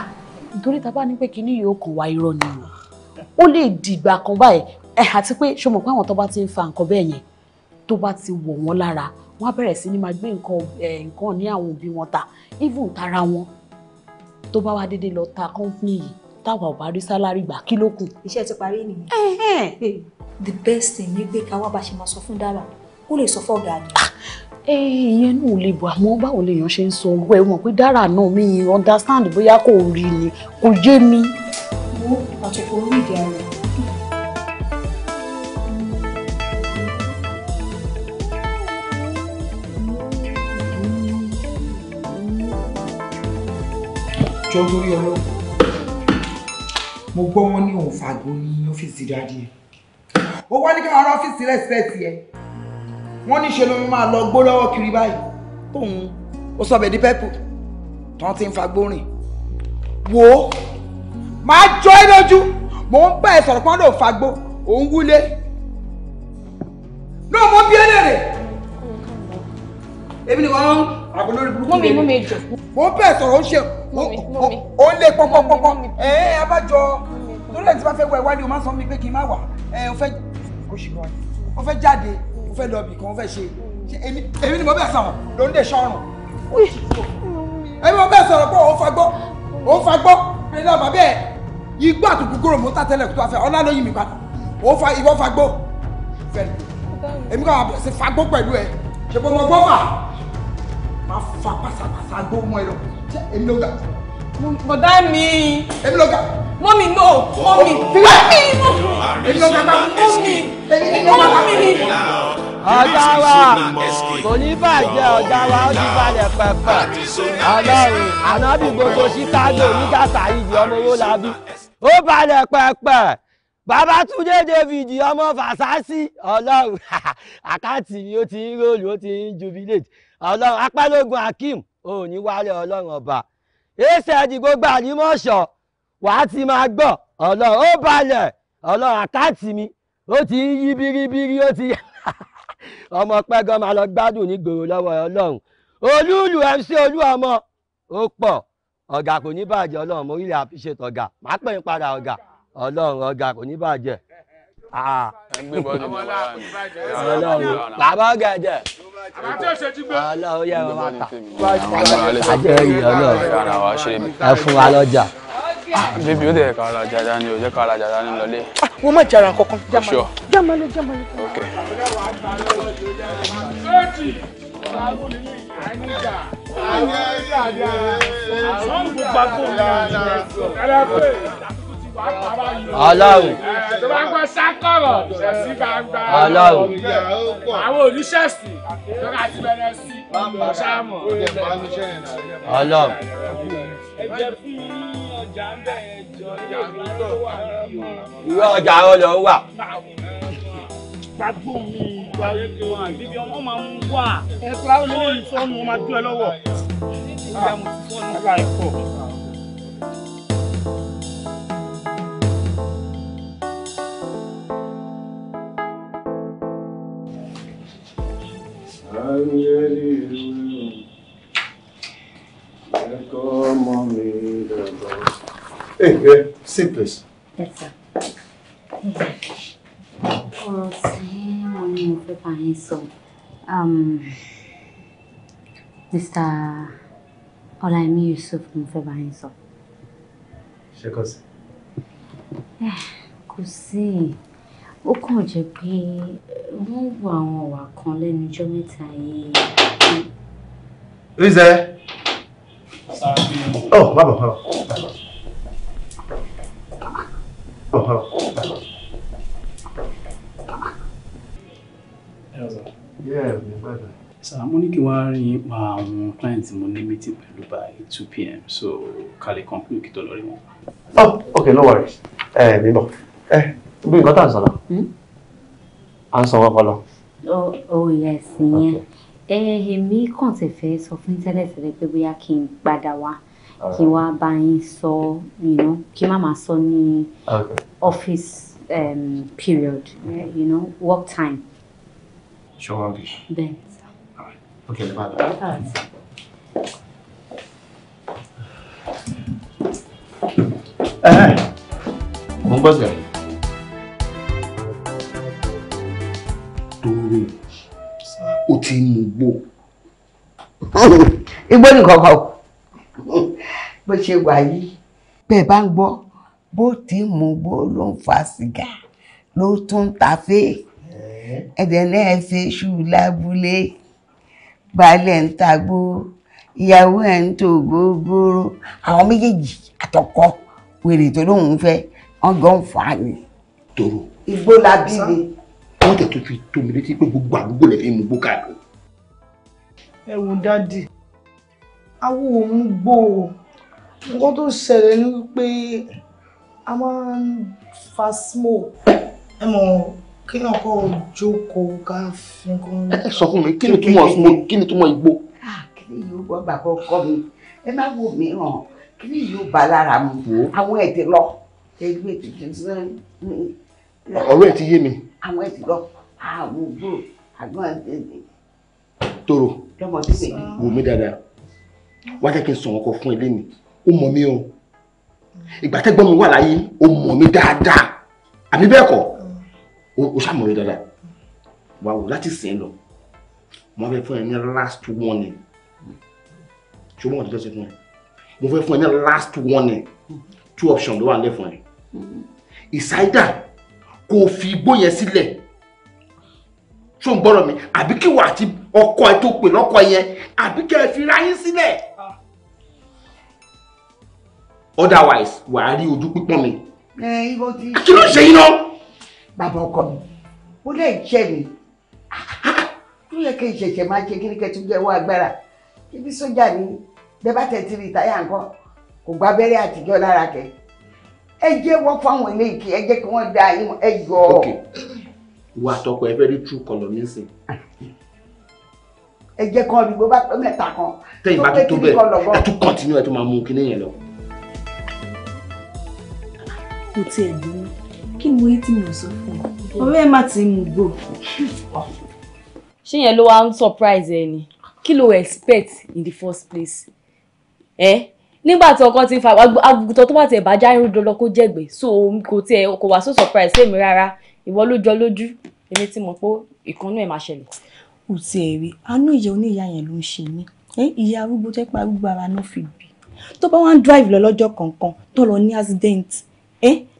nítorí tá a bá ní pé kinní yìí ó kàn wá irọ́ ni o ó lè dìgbà kan báyìí ẹ eh, àti pé ṣé mo pé àwọn tó bá ti fa nǹkan bẹ́ẹ̀ yẹn tó bá ti wọ̀ wọ́n lára wọ́n á bẹ̀rẹ̀ sí ni máa gbé nǹkan nǹkan ní àwọn òbí wọn ta even tara wọn tó bá wá déédéé lọ ta company yìí táwa ò bá rí sálárì gbà kí ló kù. iṣẹ́ ti parí nìyẹn the best thing ni pé káwá bá ṣe máa sọ fún dára ó lè sọ fọ́ọ̀gá rẹ̀. Ah! Eh, ìyẹn náà lè bọ̀ àmọ́ báwo lèèyàn ṣe ń sọ ọgbẹ́ ẹ mọ̀ pé dára náà mi understand Boya ko rí ni kò yé mi. mo àtòkò orí ìdí ara jọ lórí ọlọ́pàá mo gbọ́ wọn ní òun fàgò ní ọ́fíìsì dáadé ó wá ní káwọn ará ọ́fíìsì respect yẹ wọ́n ní ṣe ló máa lọ gbó lọ́wọ́ kiri báyìí tóun ó sọ bẹ̀ẹ́ di pẹ́pù tán ti ń fa gbórìn wò ó máa jọ ẹ́ lójú mò ń bá ẹ sọ̀rọ̀ pọ́n ló fa gbó òun wúlé náà mo bí ẹlẹ́rẹ̀ èmi ni wọ́n àbọ̀ lórí burúkú mi mú mi jù mo ń bá ẹ ṣe ó lé pọ́npọ́npọ́npọ́n ẹ̀ ẹ́ lórí ẹ̀ tí wọ́n fẹ́ wọ ẹ̀ wá ni o máa sọ mi pé kí n má wà ẹ̀ ò fẹ́ kó ṣì bọ̀ ó fẹ́ jáde ó fẹ́ lọ bì kan ó fẹ́ ṣe èmi ni mo bẹ̀ sọ̀rọ̀ ló ń dè sọ́run èmi mo bẹ̀ sọ̀rọ̀ pé òun fagbọ́ òun fagbọ́ ẹni náà bàbá ẹ̀ igbó àtùkù kúrò mọ́ tà tẹ́lẹ̀ kó tó afẹ́ ọ̀nà lóyún mi padà òun fa ìwọ fagbọ́ fẹ́ẹ́ èmi kọ́ àbẹ̀ sí fagbọ́ pẹ̀lú ẹ ṣe bọ́ mọ́ gbọ́ fà má fa pàṣàpàṣà gbó mọ́ ẹ lọ èmi ló ga. bọ̀dá mi. èmi ló ga. Mommy, no! Mommy! Mommy! Mommy! Mommy! Ọ̀gá wa kò ní bàjẹ́ ọ̀gá wa ó ti balẹ̀ pẹ̀pẹ̀. Ọlọ́run ànábì gbogbo Chicago onígàtà ìdí ọmọ owó labí. Ó balẹ̀ pẹ̀pẹ̀. Babátúndé David ọmọ Fàṣásí Ọlọ́run <laughs> àkáǹtì mi ó ti ń róòlù ó ti ń jubilate. Ọlọ́run apálógun Akeem ò ní wálé Ọlọ́run ọba. Èsì ẹ̀dìgbò gbà ní wàá ti máa gbọ́ ọlọ́run ó balẹ̀ ọlọ́run àkáǹtì mi ó ti ń yí biribiri ó ti <laughs> ọmọ pẹ́gàn máa lọ gbádùn ní gbòòrò lọ́wọ́ ọlọ́run olúùlù MC olú ọmọ ó pọ̀ ọ̀gá kò ní bàjẹ́ ọlọ́run mo rílẹ̀ àfiṣètò ọ̀gá màá pè ń padà ọ̀gá ọlọ́run ọ̀gá kò ní bàjẹ́ ọlọ́run ah. bàbá ọ̀gá ẹ̀jẹ̀ ọlọ́run yẹ wọn máa ta ẹ fún wa lọ́jà. Ah, bébí ó dẹ̀ kára jàdá ni ó jẹ́ kára jàdá ni lọlé. Ah, má jara kankan jámalẹ̀ jámalẹ̀ jámalẹ̀. ok. Àwọn ẹ̀rí àdé àrùn gbogbo àgbò aláwọ̀ tó bá àwọn oníṣẹ̀sì tó ti bẹ̀rẹ̀ sí ọ̀ṣàmọ̀ aláwọ̀. irú ọjà ọlọ wà. Gbàgbó mi ọmọ máa ń wà. Ẹ̀ka olóyìn sọ́nù, wọ́n máa dún lọ́wọ́. Ìgbà mo ti sọ́nù. Hey, girl, sit, please. Yes, sir. Ọ̀rọ̀ tí mo ní mo fẹ́ bá yín sọ. Mr. Ọláyẹmí Yusuf mo fẹ́ bá yín sọ. Ṣé kò sí? Eh, kò sí ó kàn jẹ́ pé eh, wọ́n wo àwọn ọ̀wà kan lẹ́nu ọjọ́ mẹ́ta yìí. who is there? oh bàbá bàbá. Sir, mo ní kí wọ́n rí ipa àwọn client mo ní meeting pẹ̀lú by two pm so ká lè conclude kí tó lọ rí wọn. Oh, okay, no worries. Ẹ eh, mi bọ̀. Ẹ eh, bí nǹkan tá à ń sọ̀rọ̀ hmm? à ń sọ̀rọ̀ ọpọlọ. oh yes ìyẹn èmi kàn ti fẹ́ sọ fún tẹ́lẹ̀tẹ́ rẹ pé bóyá kí n padà wá kí n wá bá yín sọ kí má máa sọ ní office um, period you know work time. ṣé wọ́n bí. bẹ́ẹ̀ ni sá. ok bye bye. Right. Uh -huh. Mongol guy. dóró ó ti ń mugbó. <laughs> igbó nìkan kan bó ṣe wà yìí bẹ́ẹ̀ bá ń gbọ́ bó ti ń mugbó ló ń fa sìgá ló tún ń ta fèé ẹ̀dẹ̀ náà ṣe ṣù lábúlé balẹ̀ ń tagbó ìyàwó ẹ̀ ń tò gógóró àwọn méjèèjì àtọkọ wèrè tó lóun fẹ́ wọ́n gan fà ni. tòrò igbó la bí le àwọn tẹ̀tọ́ fi tó mi létí pé gbogbo àdúgbò lè fi mú gbó káàkiri. ẹ wo dádì awo òun gbó o nǹkan tó ṣẹlẹ̀ ni pé a máa ń fa smoke ẹ mọ̀ kí náà kọ́ jókòó ká fi kan. ẹ sọ fún mi kí ni túmọ̀ smoke kí ni túmọ̀ igbó. kí ni yóò gbọ́ bàbá ọkọ mi ẹ má wò mí hàn kí ni yóò bá lára mu àwọn ẹ̀dẹ̀ lọ ẹgbẹ́ tuntun ọ̀rọ̀ ẹ̀ ti yé mi àwọn ẹ̀dùrọ̀ àwọn ògbó àgbọn ẹ̀dẹ̀. Eh, toro wò mí dáadáa wá jẹ́ kí n sọ̀rọ̀ kan fún ẹ lẹ́nu ó mọ̀ mí o ìgbà tẹ́gbọ́n mi wà láyé ó mọ̀ mí dáadáa àbí bẹ́ẹ̀ kọ́ ó ṣàmọ̀ mi dáadáa wà wò láti sìn lọ mo fẹ́ fún ẹ ní last warning ṣùgbọ́n ọ̀dọ́ ṣe fún ẹ mo fẹ́ fún ẹ ní last warning two options ló wà nílẹ̀ fún ẹ ìsáídà kó o fi igbó yẹn sílẹ̀ ṣó ń gbọ́dọ̀ mi àbí kí wà á ti ọkọ ẹ tó pè lọ́kọ yẹn àbí kẹ́ ẹ fi ráyé sílẹ̀ otherwise wà á rí ojú pípọ́n mi. ibo ti. kí ló ń ṣe yín náà. bàbá ọkọ mi ó lè jẹ mi tó yẹ kí n ṣẹ̀ṣẹ̀ máa ṣe kíni kẹtù jẹ́ owó agbára ibi sójà ni bẹ́ẹ̀ bá tẹ̀ tí rí nǹkan kò gba abẹ́rẹ́ àtijọ́ lára kẹ́ ẹ jẹ́wọ́ fáwọn ilé ìkí ẹ jẹ́ kí wọ́n da yín ẹ yọ. ok ìwà àtọkọ ẹ fẹ́ rí true colour nísìn. ẹ jẹ́ kí wọ́n rí bó bá pẹ́ mẹ́ta kan. tẹ́yìn bá tó tó bẹ́ẹ̀ ẹ tún kọ́ntínú ẹ tó máa mú kinní yẹn lọ. kò tiẹ̀ dùn kí ni mo rí tí mi ò sọ fún ọ ọ̀rẹ́ ẹ má ti mú gbò. ṣé yẹn ló wá ń surprise ẹ ni kí ló expect in the first place? Eh? nígbà tí ọkọ ti ń fa àgùntàn tó bá tiẹ̀ bá já irun dandan kó jẹ̀gbẹ́ so kò tiẹ̀ kò wá so surprise sí èmi rárá ìwọ ló jọ lójú èmi tí mo pé ìkànnú ẹ̀ máa ṣẹlẹ̀. kò tiẹ̀ rí àánú ìyá oníyá yẹn ló ń ṣe mí ìyá arúgbó tẹ́ pa arúgbó ara náà fi bì tó bá wá ń drive lọ lọ́jọ́ kọ̀ọ̀kan tó lọ ní accident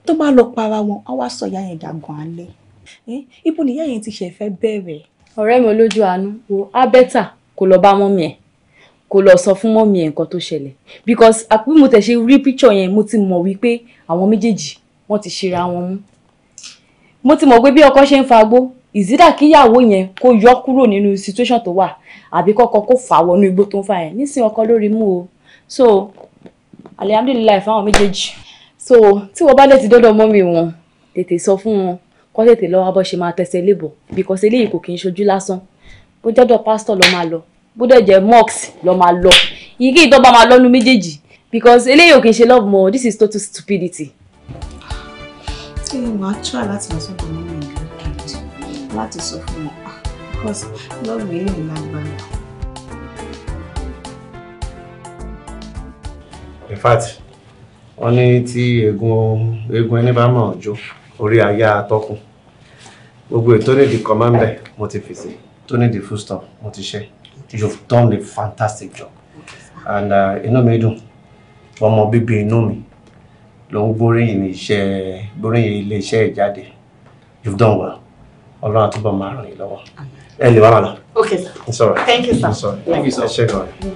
tó bá lọ para wọn á wá sọ ìyá yẹn dàgbọ́n alẹ́ ibo ni ìyá yẹn ti ṣẹ̀fẹ́ bẹ̀rẹ̀. ọ̀rẹ́ mi olójú àánú wo á bẹ́tà kó lọ bá mọ́mí ẹ̀ kó lọ sọ fún mọ́mí ẹ̀ nǹkan tó ṣẹlẹ̀ because àpò mo tẹ̀ ṣe rí picture yẹn mo ti mọ̀ wípé àwọn méjèèjì wọ́n ti ṣera wọn mú mo ti mọ̀ pé bí ọkọ ṣe ń fagbó ìzídà kíyàwó yẹn kó yọ kúrò nínú situation tó wà àbí kọ́kọ́ kó fà wọnú igbó tó ń fà yẹn nísìnyí ọkọ lórí mú o so alihamdulilayi fáwọn méjèèjì so tí wọ́n bá dẹ̀ ti dọ́dọ̀ mọ́mí wọn tètè sọ fún wọn kó tètè because eléyìí kò kì í ṣojú lásán bó lọ́ bó dẹ̀ jẹ́ mux lọ́ máa lọ ìyíkí ìtọ́ bá máa lọ́nu méjèèjì because eléyìí ò kì í ṣe love mọ́ this is total stupidity. ṣé wàá try láti lọ sọ́dọ̀ nínú ìlú kejì láti sọ fún wọn ah, because love eléyìí lágbára. in fact wọ́n ní tí eegun eegun ẹni bá mọ̀ ọjọ́ orí ayé atọ́kùn gbogbo ètò nídìí kọ́ máa ń bẹ̀ mo ti fèsì tó nídìí full stop mo ti ṣe you've done a fantastic job and you uh, know me mi dùn ọmọ bíbí inú mi ló ń gbóríyìn iṣẹ́ gbóríyìn ilé iṣẹ́ ìjáde you've done well ọlọ́run àtúbọ̀ máa ràn yín lọ́wọ́ ẹ lè wá màlá. okay sir it's thank you sir it's thank you sir ẹ ṣe gan ni.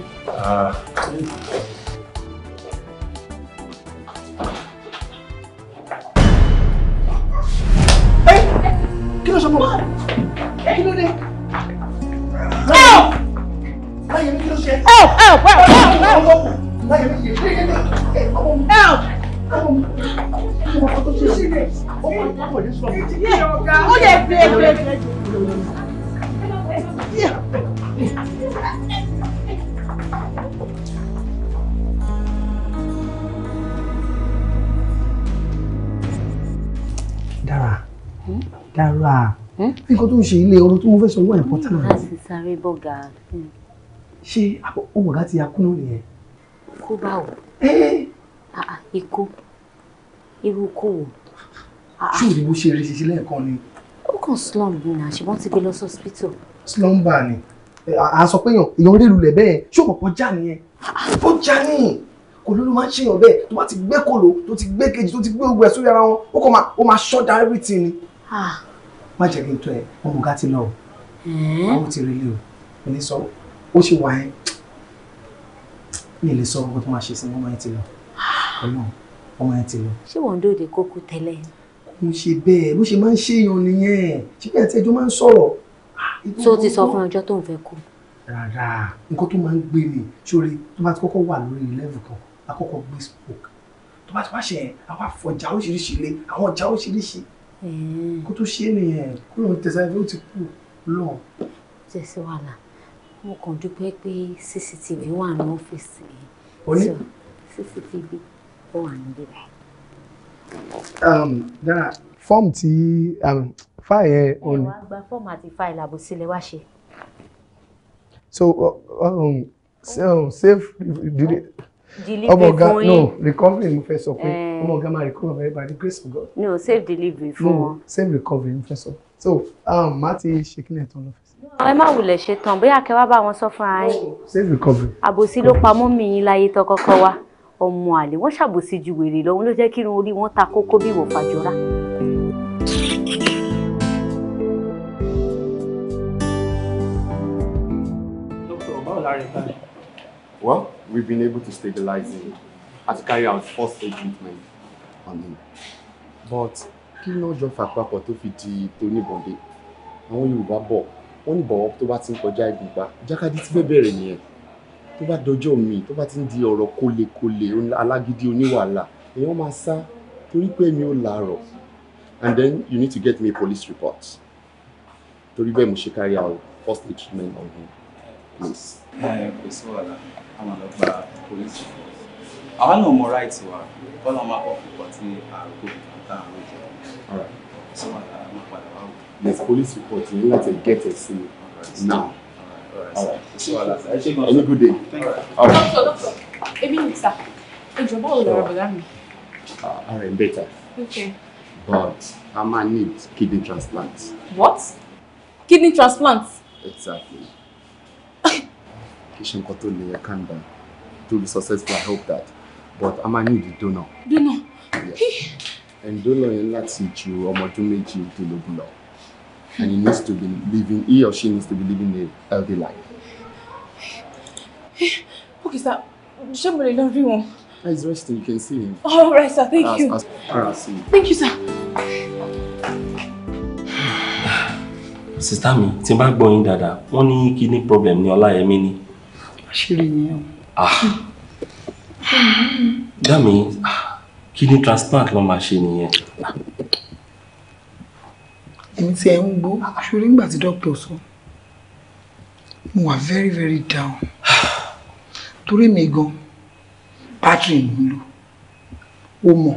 kí ló sọ fún wa kí ló dé láyé mi kí ló ṣe. help help help help help. láyé mi kì í ṣe é ní help. ó yẹ fi ebi ebi. dára dára hmm? nǹkan tó ń ṣe ilé ọ̀rọ̀ tó ń fẹ́ sọ wọ́n important. wọ́n á sì sáré bọ́gà. Hmm ṣé ohun ọ̀gá ti akúnú nìyẹn. kó bá o ikú irú kò wò. ṣé òdìbò ṣe rí ṣiṣẹ́ lẹ́ẹ̀kan ni. ó kàn slum ni na ṣùgbọ́n ti gbé lọ sí hospital. slum bar ni a sọ pé èèyàn èèyàn rèlù lẹ̀ bẹ́ẹ̀ ṣé òpòpò já nìyẹn ó já nìyẹn kò ló ló máa ń ṣèyàn bẹ́ẹ̀ tó bá ti gbé kòló tó ti gbé kejì tó ti gbé ogun ẹ̀ sórí ara wọn ó kàn máa ó máa shut down everything ni. má jẹ́ kí n tọ́ ẹ ọmọ ọ̀gá ti lọ o àwọn ti rí ilé o kò ní sọ ó ṣe wà ẹ́ mi lè sọ ọkọ tó máa ṣe sí ọmọ yẹn ti lọ ọlọ́run ọmọ yẹn ti lọ. ṣé wọn ń dòde kókó tẹ́lẹ̀. kò ṣe bẹ́ẹ̀ bó ṣe máa ń ṣèyàn nìyẹn ṣíbí àti ẹjọ́ máa ń sọ̀rọ̀. tó o ti sọ fún ọjọ́ tó ń fẹ́ kú. rárá nǹkan tó máa ń gbé mi sórí tó bá ti kọ́kọ́ wà lórí level kan àkọ́kọ́ gbé spoke tó bá ti wá ṣe àwọn àfọ̀jà oríṣiríṣi lé àwọn ọjà oríṣiríṣi kó tó ṣe é nìyẹn kó lóun tẹ̀sán ó ti kú lọ́ọ̀. tẹ̀síwájú mo kàn dúpẹ́ pé cctv wà ní ọ́fíìsì yìí. o cctv ó wà níbí báyìí. Um, dára fọ́ọ̀mù tí um, fáì ẹ̀ ò ní. ẹ wá gba fọ́ọ̀mù àti fáì làbò wá ṣe. so uh, uh um, so um, safe delivery ọmọ ọ̀gá no recovery mo fẹ́ sọ pé eh. ọmọ ọ̀gá máa recover by the grace of God. no safe delivery fún wọn. no safe recovery mo fẹ́ sọ so máa ti ṣe kí ni ẹ̀ tán lọ́fẹ̀ẹ́ ẹ má wulẹ̀ ṣe tán bóyá kẹ wá bá wọn sọ fún ara yín. Oh, àbòsí ló pa mọ́mì yín láyé tọkọkọ wa ọmọ àlè wọ́n ṣàbòsí ju wèrè lọ ló jẹ́ kírun orí wọn ta kókó bí ìwọ fàjọra. Well, we've been able to stabilize him and to carry out first aid treatment on him. But kí ló jọ fàpapọ̀ tó fi di Tony Bọ̀dé? Àwọn Yorùbá bọ̀ wọ́n ní bọ̀wọ́ tó bá ti ń kọjá ibi ìgbà jákàdí ti fẹ́ bẹ̀rẹ̀ nìyẹn tó bá dọjọ́ mi tó bá ti ń di ọ̀rọ̀ kólekóle alágídí oníwàhálà èèyàn máa sá torí pé mi ò láàárọ̀ and then you need to get me a police report torí bẹ́ẹ̀ mo ṣe carry out first aid treatment on him please. ẹ kò sí wàhálà a máa lọ police report àwa náà mọ right wa bọ́lá máa kọ́ fún ọtí àrùkò ìgbà tá à ń lò jẹ́ kò there's police report you need to get it right. now. a good day. Thank Doctor, doctor, èmi ni sir. Ẹjọ́ báwo lọ̀rọ̀ bọ̀dá mi? Ara ah, ẹ̀ better. Okay. But I ma need kidney transplant. What? Kidney transplant? Exactly. Kì í ṣe To be successful, I hope that. But I ma need a donor. Donor? Yes. And donor yẹn láti ju ọmọ ọdún to dínlógún lọ and he needs to be living, he or she needs to be living a healthy life. Okay, sir. Somebody love you. Ah, he's resting, you can see him. All right, sir, thank you. As, as, as thank you, sir. Sister mi, tí n bá gbọ́ yín dáadáa, kidney problem ní Ọláyẹmí ni. Àṣírí ni ẹ̀. Ah. Dá mi, ah, kidney transplant ló máa ṣe èmi tí ẹ ń gbó ṣorí nígbà tí dókítà sọ mo wà very very down torí mi gan battery mi lò ó mọ̀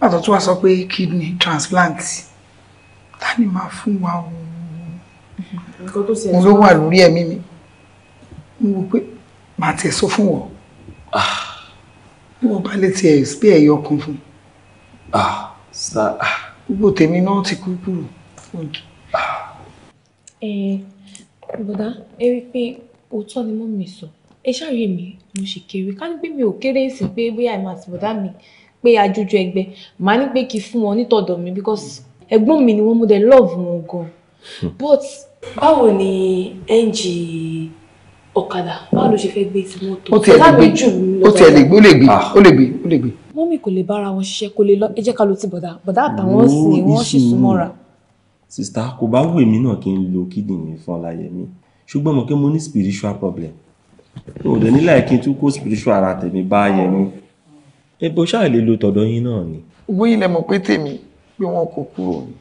pàtó tó wá sọ pé kidney transplant ta ni máa fún wa o mo ló wà lórí ẹ̀mí mi mo wò pé màá tẹ̀ sọ fún wọn ah. bí wọ́n bá lè tiẹ̀ spare ẹ̀yọ kan fún ah sir ah gbogbo tèmi náà ti kú kúrò. ẹ bọ̀dá ẹ rí i pé òótọ́ ni mọ́ mi sọ ẹ ṣàrí èmi mo sì kéré ká ní pé mi ò kéré sí pé bóyá ẹ máa bọ̀dá mi pé ajújú ẹgbẹ́ màá ní pé kí fún wọn nítọ̀dọ̀ mi because ẹ̀gbọ́n mi ni wọ́n mú dẹ love wọn gan hmm. but báwo ni ng ọ̀kadà báwo ló ṣe fẹ́ gbé ti mọ́tò ó tiẹ̀ lè gbé ó tiẹ̀ lè gbé ó lè gbé ah. ó lè gbé ó lè gbé. mọ́mì kò lè bára wọn ṣiṣẹ́ kó lè lọ ẹ jẹ́ ká lọ ti bọ̀dá bọ̀dá àtàwọn sì wọ́n sì súnmọ́ra. sista kò bá wù èmi náà kí n lo kíndìnrín fún ọláyẹ mi ṣùgbọ́n mo kí mo ní spiritual problem mo ò dẹ̀ nílẹ̀ kí n tún kó spiritual ara tèmi bá yẹ mi ẹ bó ṣáà lè lo tọ̀dọ̀ yín náà ni. wíyìn lẹ mọ̀ pé tèmi pé wọn kò kúrò ni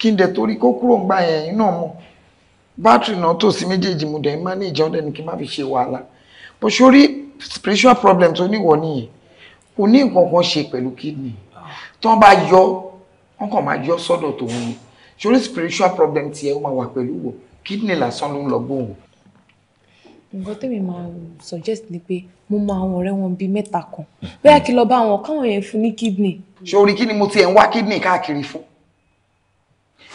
kí n Battery náà tò sí méjèèjì mo dẹ̀ máa ní ìjà ọ̀dẹ̀ ni kí n má fi ṣe wàhálà bó ṣe rí spiritual problem tó níwọ̀ nìyẹn kò ní nǹkan kan ṣe pẹ̀lú kidney tó ń bá yọ wọn kàn máa yọ sọ́dọ̀ tòun ni ṣorí spiritual problem tiẹ̀ ó máa wà pẹ̀lú wọ̀ kidney lásán ló ń lọ bóun. nǹkan tèmi máa suggest ni pé mo mọ àwọn ọ̀rẹ́ wọn bíi mẹ́ta kan bóyá kí lọ bá wọn káwọn yẹn fún ní kidney. ṣorí kí ni mo tiẹ̀ ń wá kidney káàkiri fún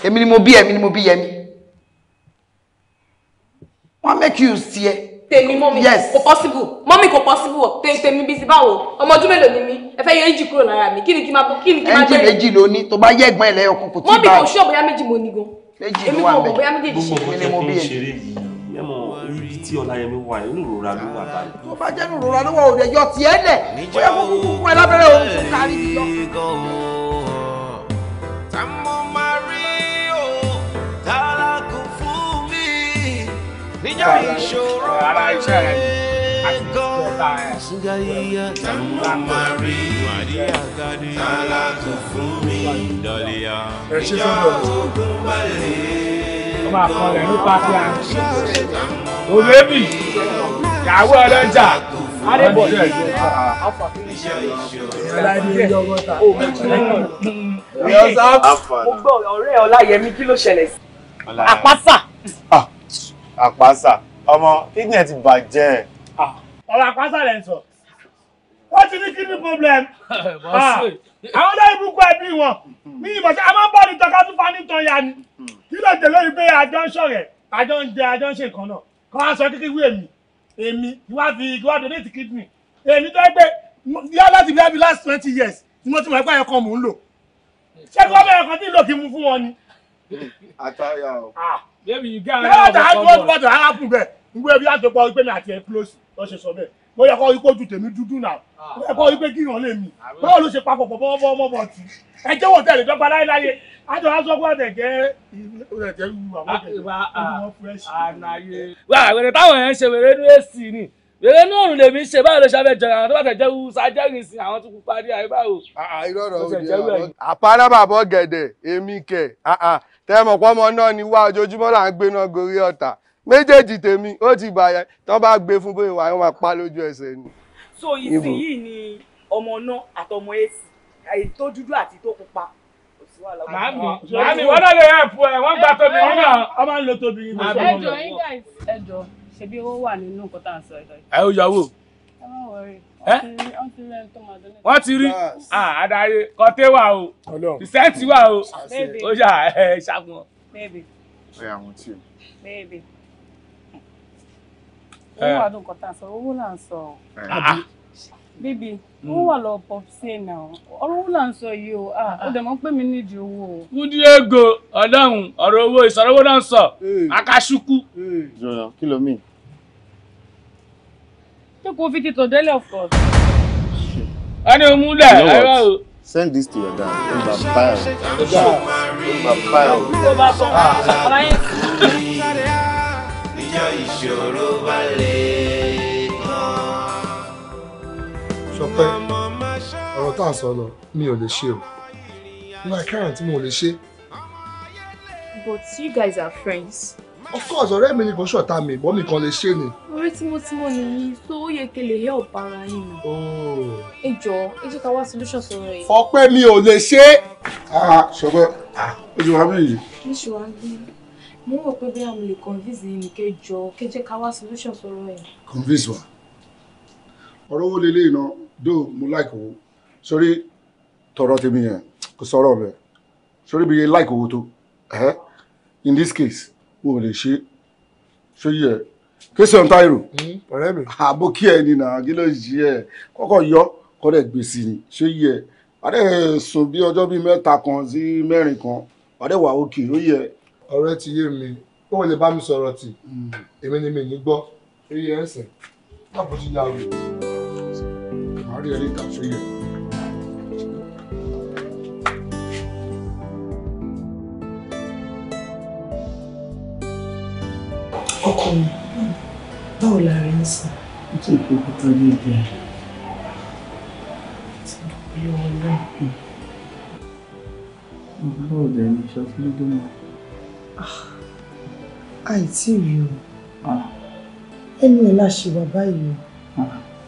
èmi ni mo bí èmi ni mo bí yẹmi wọ́n make you see ẹ. tèmi mọ́mi kò possible mọ́mi kò possible tèmi bíi ti báwo ọmọ ọdún mélòó ni mí ẹ fẹ́ yọ èjì kúrò lára mi kí ni kí n máa kí ni kí n máa jẹ́rìí. ẹnjì méjì ló ní tó bá yẹ ẹ̀gbọ́n ẹ̀ lẹ́yọ̀ kan kò tí ì bá. mọ́mi kò ṣọ́ bóyá méjì mo ní gan. méjì ló wà bẹ́ẹ̀ gbogbo nǹkan tó ń ṣeré yìí mẹ́mọ̀ ibi tí ọláyẹmí wà inú ìrora ló wà báyìí. tó bá jẹ́ inú ìrora ló wà òde yọ tiẹ̀ lẹ̀ bóyá kó kúkú fún ẹ lábẹ́rẹ́ òun kò kárí ìṣòro ara iṣẹ́ rẹ àti ìjọba ẹ. Ṣúgáyíyá tàmú Mari Alákò fún mi dọ̀lìyà. Ìjọ ogun balẹ̀. Ó máa kọ́ rẹ̀ nípa bí a ń ṣe. Olébì, ìyàwó ọlọ́jà, Adébọ̀dé, Alfa Fínísì, Ìṣẹ̀lẹ̀ Ìjọba, Òmìnira. Mo gbọ́ ọ̀rẹ́ Ọláyẹmí kí ló ṣẹlẹ̀ sí? Àpáṣà àpáṣà ọmọ kídìnì ẹ ti bàjẹ́. Ah, ọ̀rọ̀ àpáṣà lẹ̀ ń sọ wọ́n ti ní kídìnì problem <laughs> ah, àwọn náà ibùkún ẹbí wọn ní ìmọ̀ṣẹ́ a máa ń bọ́ ní tọ́ka tún fa ní tán ya ni kí ló dé lórí pé àjọ ń ṣọ̀rẹ̀ àjọ ń jẹ àjọ ń ṣe nǹkan náà kọ́ wá sọ kíkí wú èmi èmi kí wá fi kí wá donate kídìnì èmi tó gbé yá láti bí ábí last twenty years tí mo ti mọ̀ ẹ́ pé ẹ̀kan mò ń lò ṣé kí wọ́n bẹ̀rẹ̀ kan tí ń lò kí mu fún wọn ni. àtàyà o. Ah débi yìí gáà náà ọ̀bọ̀ kọ́ bọ̀. bọ́tò arákùn bẹ́ẹ̀ ngbé bí àtọ́pọ̀ pé mi àti ẹ̀ close lọ́sẹ̀ sọ bẹ́ẹ̀ mo yẹ kọ́ ikú ojú tèmi dúdú náà mo yẹ kọ́ ikú kí ìràn lè mi báwo ló ṣe papọ̀ pọ̀ bọ́ bọ́ bọ́ tì ẹ jẹ́ wò tẹ̀lé dọ́gba láyéláyé àjọ aṣọ kó àtẹ̀ jẹ́ ìrẹ̀jẹ̀ wù àwọn kẹ̀kẹ́ wọn fúrẹ́ṣì. wà á wẹ̀rẹ̀ táwọn yẹn ń ṣe wẹ̀rẹ̀ ní èsì ni wẹ̀rẹ̀ ní òrùn lèmi ń ṣe báwo ló ṣe abẹ́ jọra àwọn tó bá tẹ̀ jẹ́ wù sájẹ́rìn sí àwọn tó kú parí àyè báwo. àìrọ̀rọ̀ ah, ah, òde àwọn àpárá bàbá gẹ̀dẹ̀ èmi kẹ̀ ah, tẹ́mọ̀ pọ́mọ náà ni wá ojoojúmọ́ là ń gbé náà gorí ọ̀tà méjèèjì tèmi ó ti bàyà tán bá gbé fún bóyá wàá máa pa lójú ẹsẹ̀ ni. so ìsinyìí ni ọmọ náà àtọmọ èsì èyí tó dúdú àti tó pupa màámi wọn náà lè ẹ̀pù ẹ̀ wọ́n gba tóbi yín náà. ọmọ ń lo tóbi yín náà. ẹjọ ẹjọ ṣebí owó wà nínú nǹkan tá à ń sọ ẹjọ. ẹ ó yàwó. ẹ má wọrí wọ́n ti rí ah, adarí kọ́tẹ́ wà o ìsẹ́ǹtì wà o ó yà ẹ ṣàfihàn. o. owó àdùn kọ̀tà sọ owó là ń sọ bíbí hmm. owó wà lọ pọ̀ sí ẹ̀ náà ọ̀rọ̀ owó là ń sọ yìí o ah, ó dẹ̀ mọ́ pé mi nídìí owó o. kúndí ego ọ̀dọ́hùn ọ̀rọ̀ owó ìsọ̀rọ̀ owó náà ń sọ akásùkú. kí ló mìíràn could visit Odele, of course. Shit. I know Mula. You know what? Send this to your dad. Over file. Over file. Over file. Ṣọpẹ́, ọ̀rọ̀ tá à ń sọ lọ, mi ò lè ṣe o. Nígbà káràn tí mo lè ṣe. But you guys are friends of course ọ̀rẹ́ mi ni kò ṣọ̀tá mi ìbọn mi kan lè ṣe ni. orí tímọ́tímọ́ nìyí tó yẹ kí lè help ara yín nà. Oh. ẹ jọ ẹ jẹ́ ká wá solution sọ̀rọ̀ yìí. ọpẹ́ mi ò lè ṣe. Ah, ṣọpẹ́ ojú ah, wa bí yìí. níṣu wa bí mo rò pé bẹ́ẹ̀ mo lè convince yín ní kẹjọ kẹ jẹ́ ká wá solution sọ̀rọ̀ yìí. convince wa ọ̀rọ̀ wo lélẹ́yìn náà dó mo like owó sórí tọrọ tèmi yẹn kò sọ̀rọ̀ bẹ́ẹ̀ sórí bí yẹn like owó tó eh? in this case o ò lè ṣe ṣó yẹ kéṣe ọ̀n táìrò hmm. ọ̀rẹ́ mi àbò ah, kí ẹ nìyà kí ló yí ẹ kọ́kọ́ yọ kọ́dẹ̀ gbèsè ni ṣó yẹ adé sùn bí ọjọ́ bíi mẹ́ta kan sí mẹ́rin kan adé wà òkè ló yẹ. ọ̀rẹ́ ti yé mi ó lè bá mi sọ̀rọ̀ tì hmm. èmi ni mi ní gbọ́ ó yẹ ẹsẹ̀ láàbò ti yà wò. màá rí ẹ ní ìtàkùn yẹn. mi báwo la rí ń sìn. ó ti kó kúta ní ìdí ẹ. ti dúpẹ́ lọ́wọ́ náà. báwo dẹ̀ ni iṣẹ́ fún lójú mọ́. Ah, àìtí rí o ah. ẹnu ẹ̀ la ṣe wà báyìí o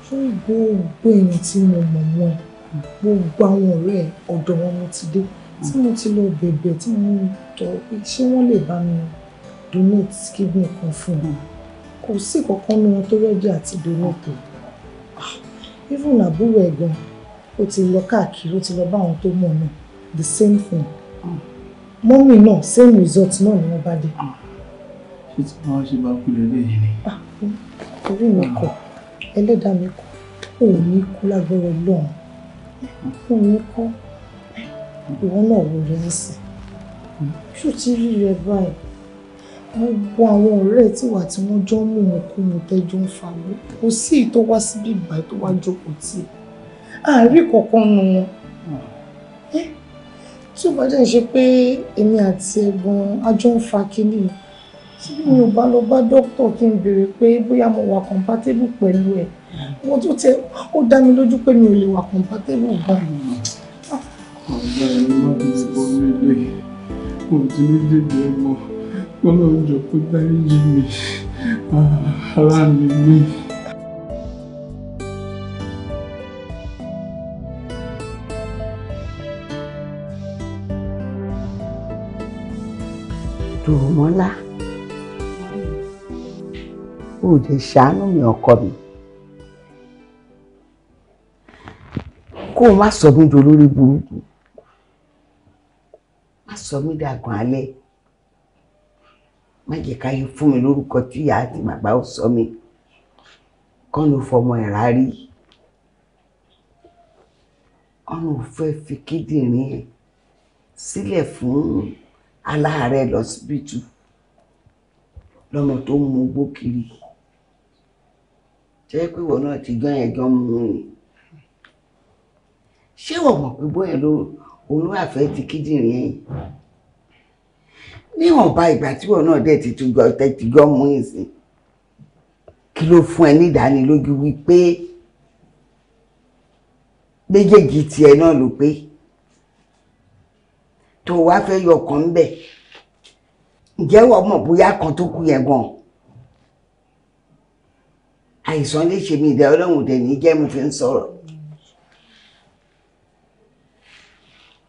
fún ah. gbogbo èèyàn tí mo mọ̀ mọ́ ẹ gbogbo àwọn ọ̀rẹ́ ọ̀dọ̀ wọn mo ti dé tí mo ti lọ bẹ̀bẹ̀ tí mo tọ̀ pé ṣé wọ́n lè bá mi rìn donate kidney kan fún mi kò sí kankan nínú tó rẹ́jì àti donate ah, even àbúrò ẹ̀gbọ́n ó ti lọ káàkiri ó ti lọ bá àwọn tó mọ̀ náà the same thing ah. Mommy, náà same result náà ni wọ́n bá dé. Ah. ṣé tí wọ́n ṣe bá kú lẹ́lẹ́yìn ni. orí mi kọ ẹlẹ́dàá mi kọ òun ní kú lágbára ọlọ́run òun ní kọ́ ìwọ náà wò rẹ̀ ń sìn rí rẹ báyìí gbogbo àwọn ọ̀rẹ́ ẹ̀ tí wà tí wọ́n jọ mú wọn kú mu tẹ́jọ́ ń fa mi kò sí èyí tó wá síbí ìgbà tó wá jókòó tì àárí kankan nu wọn tí ó bá jẹ́ ṣe pé èmi àti ẹ̀gbọ́n ajọ́ ń fa kínní tí mi ò bá lọ bá dókítà kí n béèrè pé bóyá mo wà compatible pẹ̀lú ẹ̀ wọ́n tó tẹ ó dá mi lójú pé mi ò lè wà compatible gan. ọ̀gá ẹni má bí ti bọ́ ní ilé kò tí ní dédé mọ́. Ọlọ́run jọ kó dáríjì mi ah, ara mi mi. Dùnmọ́lá ò lè ṣàánú mi ọkọ mi kó o má sọ mí dolórí burúkú má sọ mí dàgbọ́n alẹ́ má jẹ́ káyé fún mi lórúkọ tí ìyá àti bàbá ò sọ mi kọ́ ló fọmọ ẹ̀ rárí ọ̀run ò fẹ́ fi kíndìnrín ẹ̀ sílẹ̀ fún aláàárẹ̀ lọ́sibítù lọ́mọ tó ń mu igbó kiri jẹ́ pé ìwọ náà ti gán ẹjọ́ mu ni ṣé wọ́n mọ̀ pé bóyá olúwàfẹ́ ti kíndìnrín ẹ̀yìn níwọ̀nba ìgbà tí wọn náà dẹ̀ ti tún gbọ́ tẹ́tí gbọ́ mú ìsìn kí ló fún ẹ ní ìdánilójú wípé méjèèjì tiẹ̀ náà ló pé tó wá fẹ́ yọ ọkàn ń bẹ̀ ǹjẹ́ wọ́n mọ̀ bóyá kan tó kú yẹn gan àìsàn lè ṣe mí ìdẹ́ ọlọ́run dẹ̀ ní jẹ́ mo fi ń sọ̀rọ̀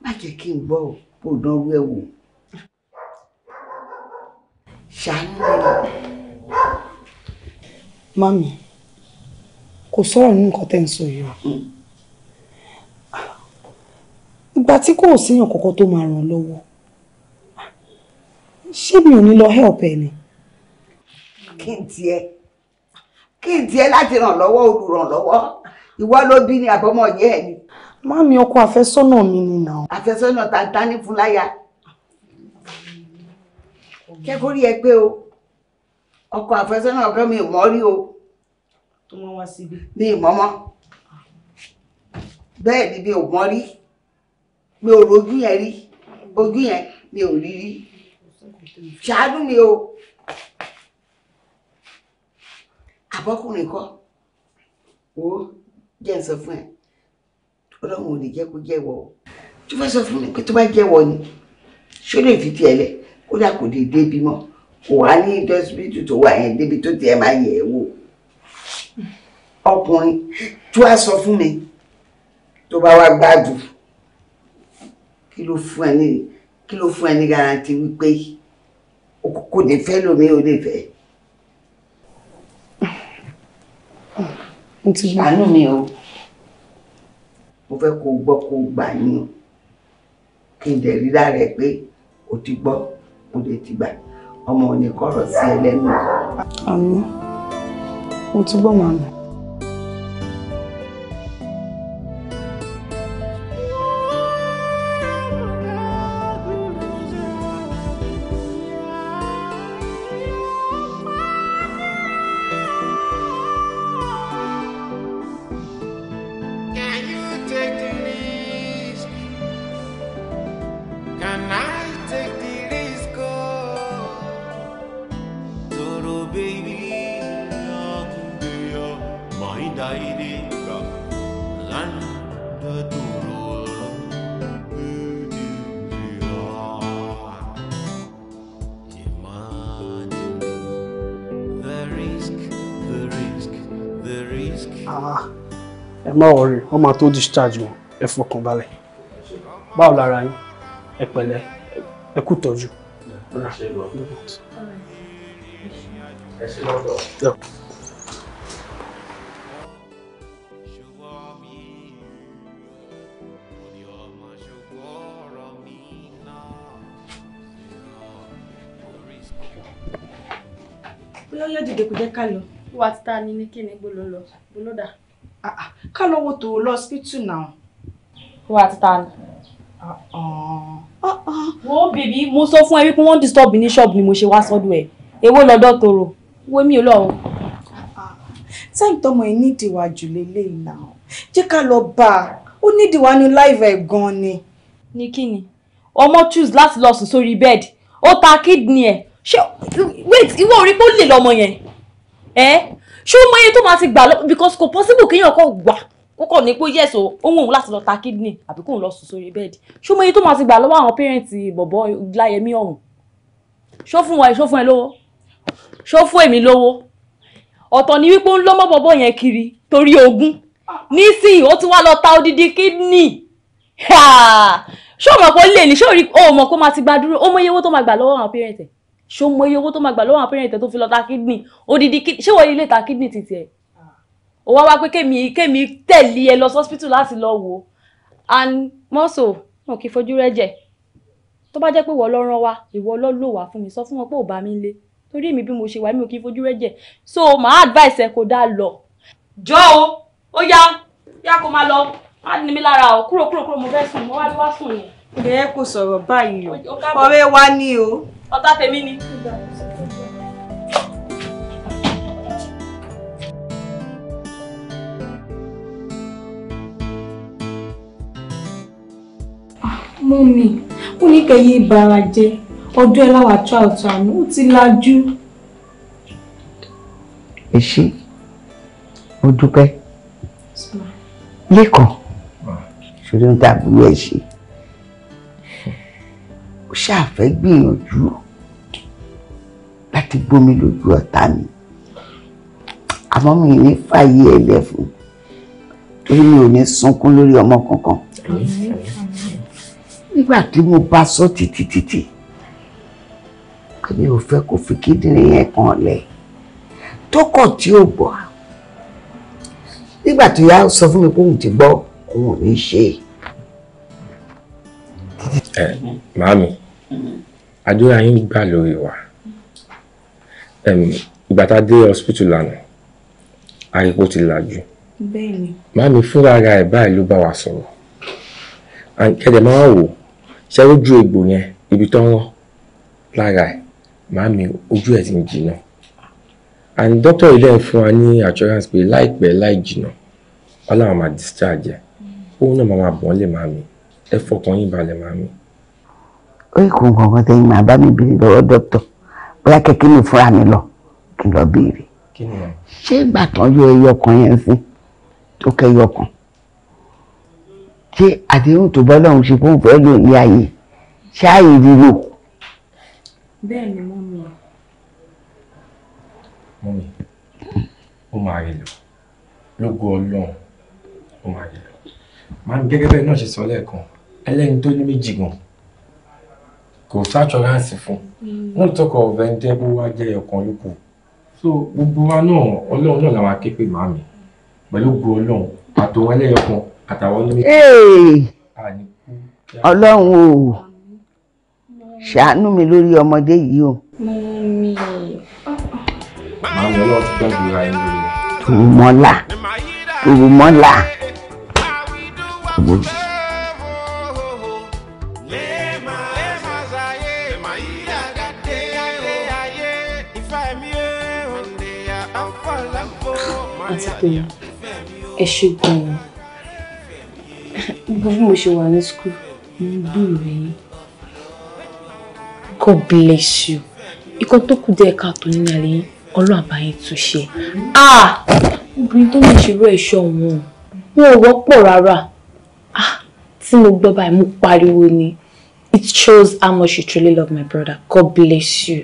má jẹ́ kí n gbọ́ ò bó ẹ̀ wò ṣàánú mi. mami kò sọ̀rọ̀ nínú nǹkan tẹ́ ń sọ yìí o ìgbà tí kò síyàn kọ̀ọ̀kan tó máa ràn lọ́wọ́ ṣé mi ò ní lọ help ẹ ni. kí n tiẹ̀ kí n tiẹ̀ láti ràn lọ́wọ́ olùrànlọ́wọ́ ìwọ ló bí ni àbọ̀mọ̀ yẹ́ ẹ̀ ni. mami ọkọ àfẹ́sọ́nà mi ni nà. àfẹ́sọ́nà ta ní fúláyà jẹ́ kó rí ẹ pé o ọkọ àfẹsọ́nà ọ̀gá mi ò mọ́ rí o. tó mọ wá síbi. mi ì mọ́ mọ́ bẹ́ẹ̀ ni mi ò mọ́ rí mi ò rojú yẹn rí ojú yẹn mi ò rí rí ṣáájú mi o àbọ́kùnrin kọ́ o jẹ́ ń sọ fún ẹ ọlọ́run ò lè jẹ́ kó jẹ́wọ́ o tó fẹ́ sọ fún mi pé tó bá jẹ́wọ́ ni ṣó lè fi tiẹ̀ lẹ̀ kódà kò dé débi mọ́ kò wá ní dọ́sibítù tó wà yẹn débi tó tiẹ̀ máa yẹ̀ ẹ́ wò ọkùnrin tó a sọ fún mi tó bá wá gbádùn kí ló fún ẹ ní kí ló fún ẹ ní garanti wípé kò ní fẹ́ lómi ò lè fẹ́. àánú mi o mo fẹ́ kó gbọ́ kó gbà yín o kí n dẹ̀ rí lára ẹ pé o ti gbọ́ ó lè ti gbà ọmọ ò ní kọ̀rọ̀ sí ẹlẹ́nu. àmì mo ti gbọ́ màmá. má wọrí wọ́n máa tó discharge wọn ẹ fọkàn balẹ̀ báwo lára yín ẹ pẹ̀lẹ́ ẹ kú tọ́jú. Yeah. bóyá ká lọ. wà ti ta ni ní kí ni gbóló lọ Ah, ah ká lọ́wọ́ tó lọ hospital náà. wọ́n àti ta ni. Ah, ah. wo bèbí mo sọ fún ẹ wípé wọ́n disturb ní ṣọ́ọ̀bù ni mo ṣe wá sọ́dọ̀ ẹ̀ èwo lọ́dọ̀ tòrò wo mi ò lọ o. time tọmọ ẹ nídìí wa jù lélẹ́yìí náà jẹ́ ká lọ bá a ó nídìí wa ní láìvẹ̀ gan ni. ní kí ni ọmọ choose láti lọ sùn sórí bẹ́ẹ̀dì ó ta kídìní ẹ̀ ṣé wait ìwọ ò rí pé ó lè lọmọ yẹn ẹ́ ṣé ó mọ iye tó máa ti gbà lọ because kò possible kéèyàn kọ wà ó ní pé yes o ohun òun láti lọ ta kidney àbí kóun lọ sùn sórí bẹ́ẹ̀dì ṣé ó mọ iye tó máa ti gbà lọ́wọ́ àwọn pẹ́rẹ́ǹtì bọ̀bọ́ láyẹmí ọ̀hún ṣó fún wa ṣó fún ẹ lówó ṣó fún èmi lówó ọ̀tọ̀ ni wípé ń lọ́mọ bọ̀bọ́ yẹn kiri torí ogún nísìnyí ó ti wá lọ ta odidi kidney ṣó mọ̀ pé ó lè ní ṣó rí o mọ̀ kó máa ti gbà dúró ó mọ iye owó tó máa gbà lọ́wọ́ àwọn pẹ́rẹ́ǹtì ṣé o mọ iye owó tó máa gbà lọ́wọ́ àwọn parent tó fi lọ ta kidney odidi kidney ṣé wọ́n ilé ta kidney ti tiẹ̀ ah. o wá wá pé kémi kémi tẹ̀lé ẹ lọ hospital láti lọ wò ó and mọ́sọ̀ wọn kì í fojú rẹ jẹ tó bá jẹ́ pé ìwọ ló rán wa ìwọ ló lò wá fún mi sọ fún wọn pé ò bá mi lé torí èmi bí mo ṣe wà mi ò kì í fojú rẹ jẹ so màá advice ẹ kó dá lọ. jọ o ó yá yá kó máa lọ má ní mi lára o kúrò kúrò kúrò mo fẹ́ sùn mo wá bí wá sùn yẹn. ẹ kò sọ̀rọ̀ báyìí o ọ̀rẹ́ wa ni o ọ̀tá tèmi ni. mọ́mí ó ní kẹyí ìbára jẹ ọdún ẹ láwà tó àtàánú ó ti lajú. ẹ ṣé ó dúpẹ́ lẹ́kọ̀ọ́ ń tàbí ẹ̀ ó ṣàfẹ́ gbìyànjú láti gbómi lójú ọ̀tá mi àmọ́ mi ní fàyè ẹ̀lẹ́ fún torí mi ò ní sunkún lórí ọmọ kankan nígbà tí mo bá sọ títí títí èmi ò fẹ́ kó fi kíndìnrín yẹn kan lẹ̀ tó kọ̀ tí ò gbọ́ nígbà tó yá sọ fún mi pé òun ti gbọ́ òun ò ní ṣe é. Maami, màámi anyị yín gbà wa ìgbà tá a dé hospital lánàá àríkó ti làjú màámi fúnra ara ẹ̀ báyìí ló bá wa sọ̀rọ̀ kẹ̀dẹ̀ máa wò ṣe ojú egbò yẹn ibi tó ń rán lára ẹ̀ màámi ojú ẹ̀ ti ń and doctor ilé fún wa ní assurance pé láìpẹ́ láì máa discharge òun náà máa ẹ fọkàn yín balẹ̀ màmí. ó yẹ kó nǹkan kan tẹ́yìn màá bá mi béèrè lọ́wọ́ dókítà bóyá kẹ́kẹ́ mi fúnra mi lọ kí n lọ béèrè. ṣé ìgbà tán yọ ẹyọ kan yẹn sí tó kẹyọ kan ṣé àdéhùn tó bọ́ lọ́hùn ṣe fún ìfẹ́ lò ní ayé ṣé ààyè rírò. bẹ́ẹ̀ ni mọ́mì. mọ́mì ó máa rí lò lógo ọlọ́run ó máa rí lò máa gẹ́gẹ́ bẹ́ẹ̀ náà ṣe sọ lẹ́ẹ̀kan ẹlẹ́ni tó ní méjì gan kò sátúránsì fún not talk of ẹni tẹ́ bó wá jẹ́ ọ̀kan ló so gbogbo wa náà ọlọ́run náà làwọn akéèpè màmí pẹ̀lú gbogbo ọlọ́run àtòwọn ẹlẹ́yọkan àtàwọn ní méjì. ọlọ́run o ṣàánú mi lórí ọmọdé yìí o. mọ́mí. màmí ọlọ́run ti gbàgbé ra ẹni lórí. tòun mọ́lá tòun mọ́lá. pé ẹ ṣe gan-an gbogbo <laughs> bí mo ṣe wà ní school mo ń gbúròó yín God bless you ikọ̀ tó kù díẹ̀ káàtó nínú àlẹ́ yín ọlọ́run àbáyé tún ṣe ah! obìnrin tó ní ìṣirò ẹ̀ṣọ́ wọn wọn ò wọ́pọ̀ rárá ah! tí mo gbọ́ báyìí mo pariwo ni it shows how much you truly love my brother God bless you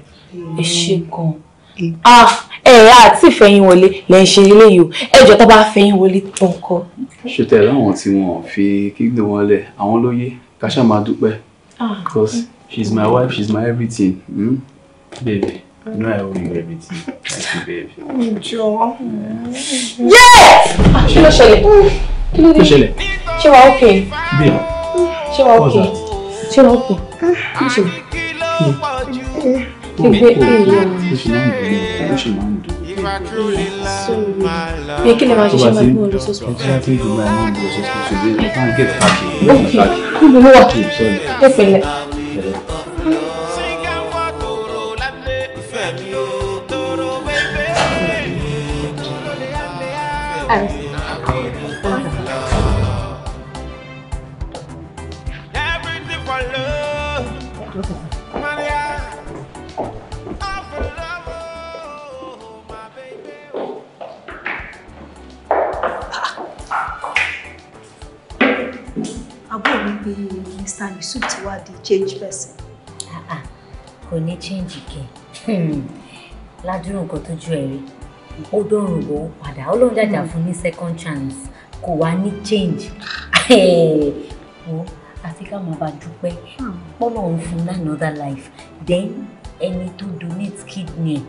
ẹ ṣe gan Ah ẹ àti ìfẹ̀yìn wọlé lẹ ń ṣe eléyìí o ẹjọ́ tó bá fẹ̀yìn wọlé tó ń kọ́. ṣètẹ láwọn tí wọn fi kígbe wọn lẹ àwọn ló yé káṣá máa dúpẹ́ ah. because she's my wife she's my everything mm? baby you know I owe you everything thank you baby. ǹjọ́ yẹ́ ah, kí ló ṣẹlẹ̀ kí ló ṣẹlẹ̀ ṣé wàá ókè ṣé wàá ókè ṣé wàá ókè kí ló ṣẹlẹ̀. 对，对，对，对，对，对，对，对，对，E que levar a pé Mr. Yusuf ti wá di change person. Ah, ah, kò ní change kẹ hmm, ládùúrò nǹkan tó ju ẹ̀rí ó dọ̀rùn bò ó padà ọlọ́run jàjà hmm. fún ní second chance kò wá ní change <laughs> àfi ká máa bá dúpẹ́ pọ́lọ́run hmm. fún ní another life then ẹni tó donate kidney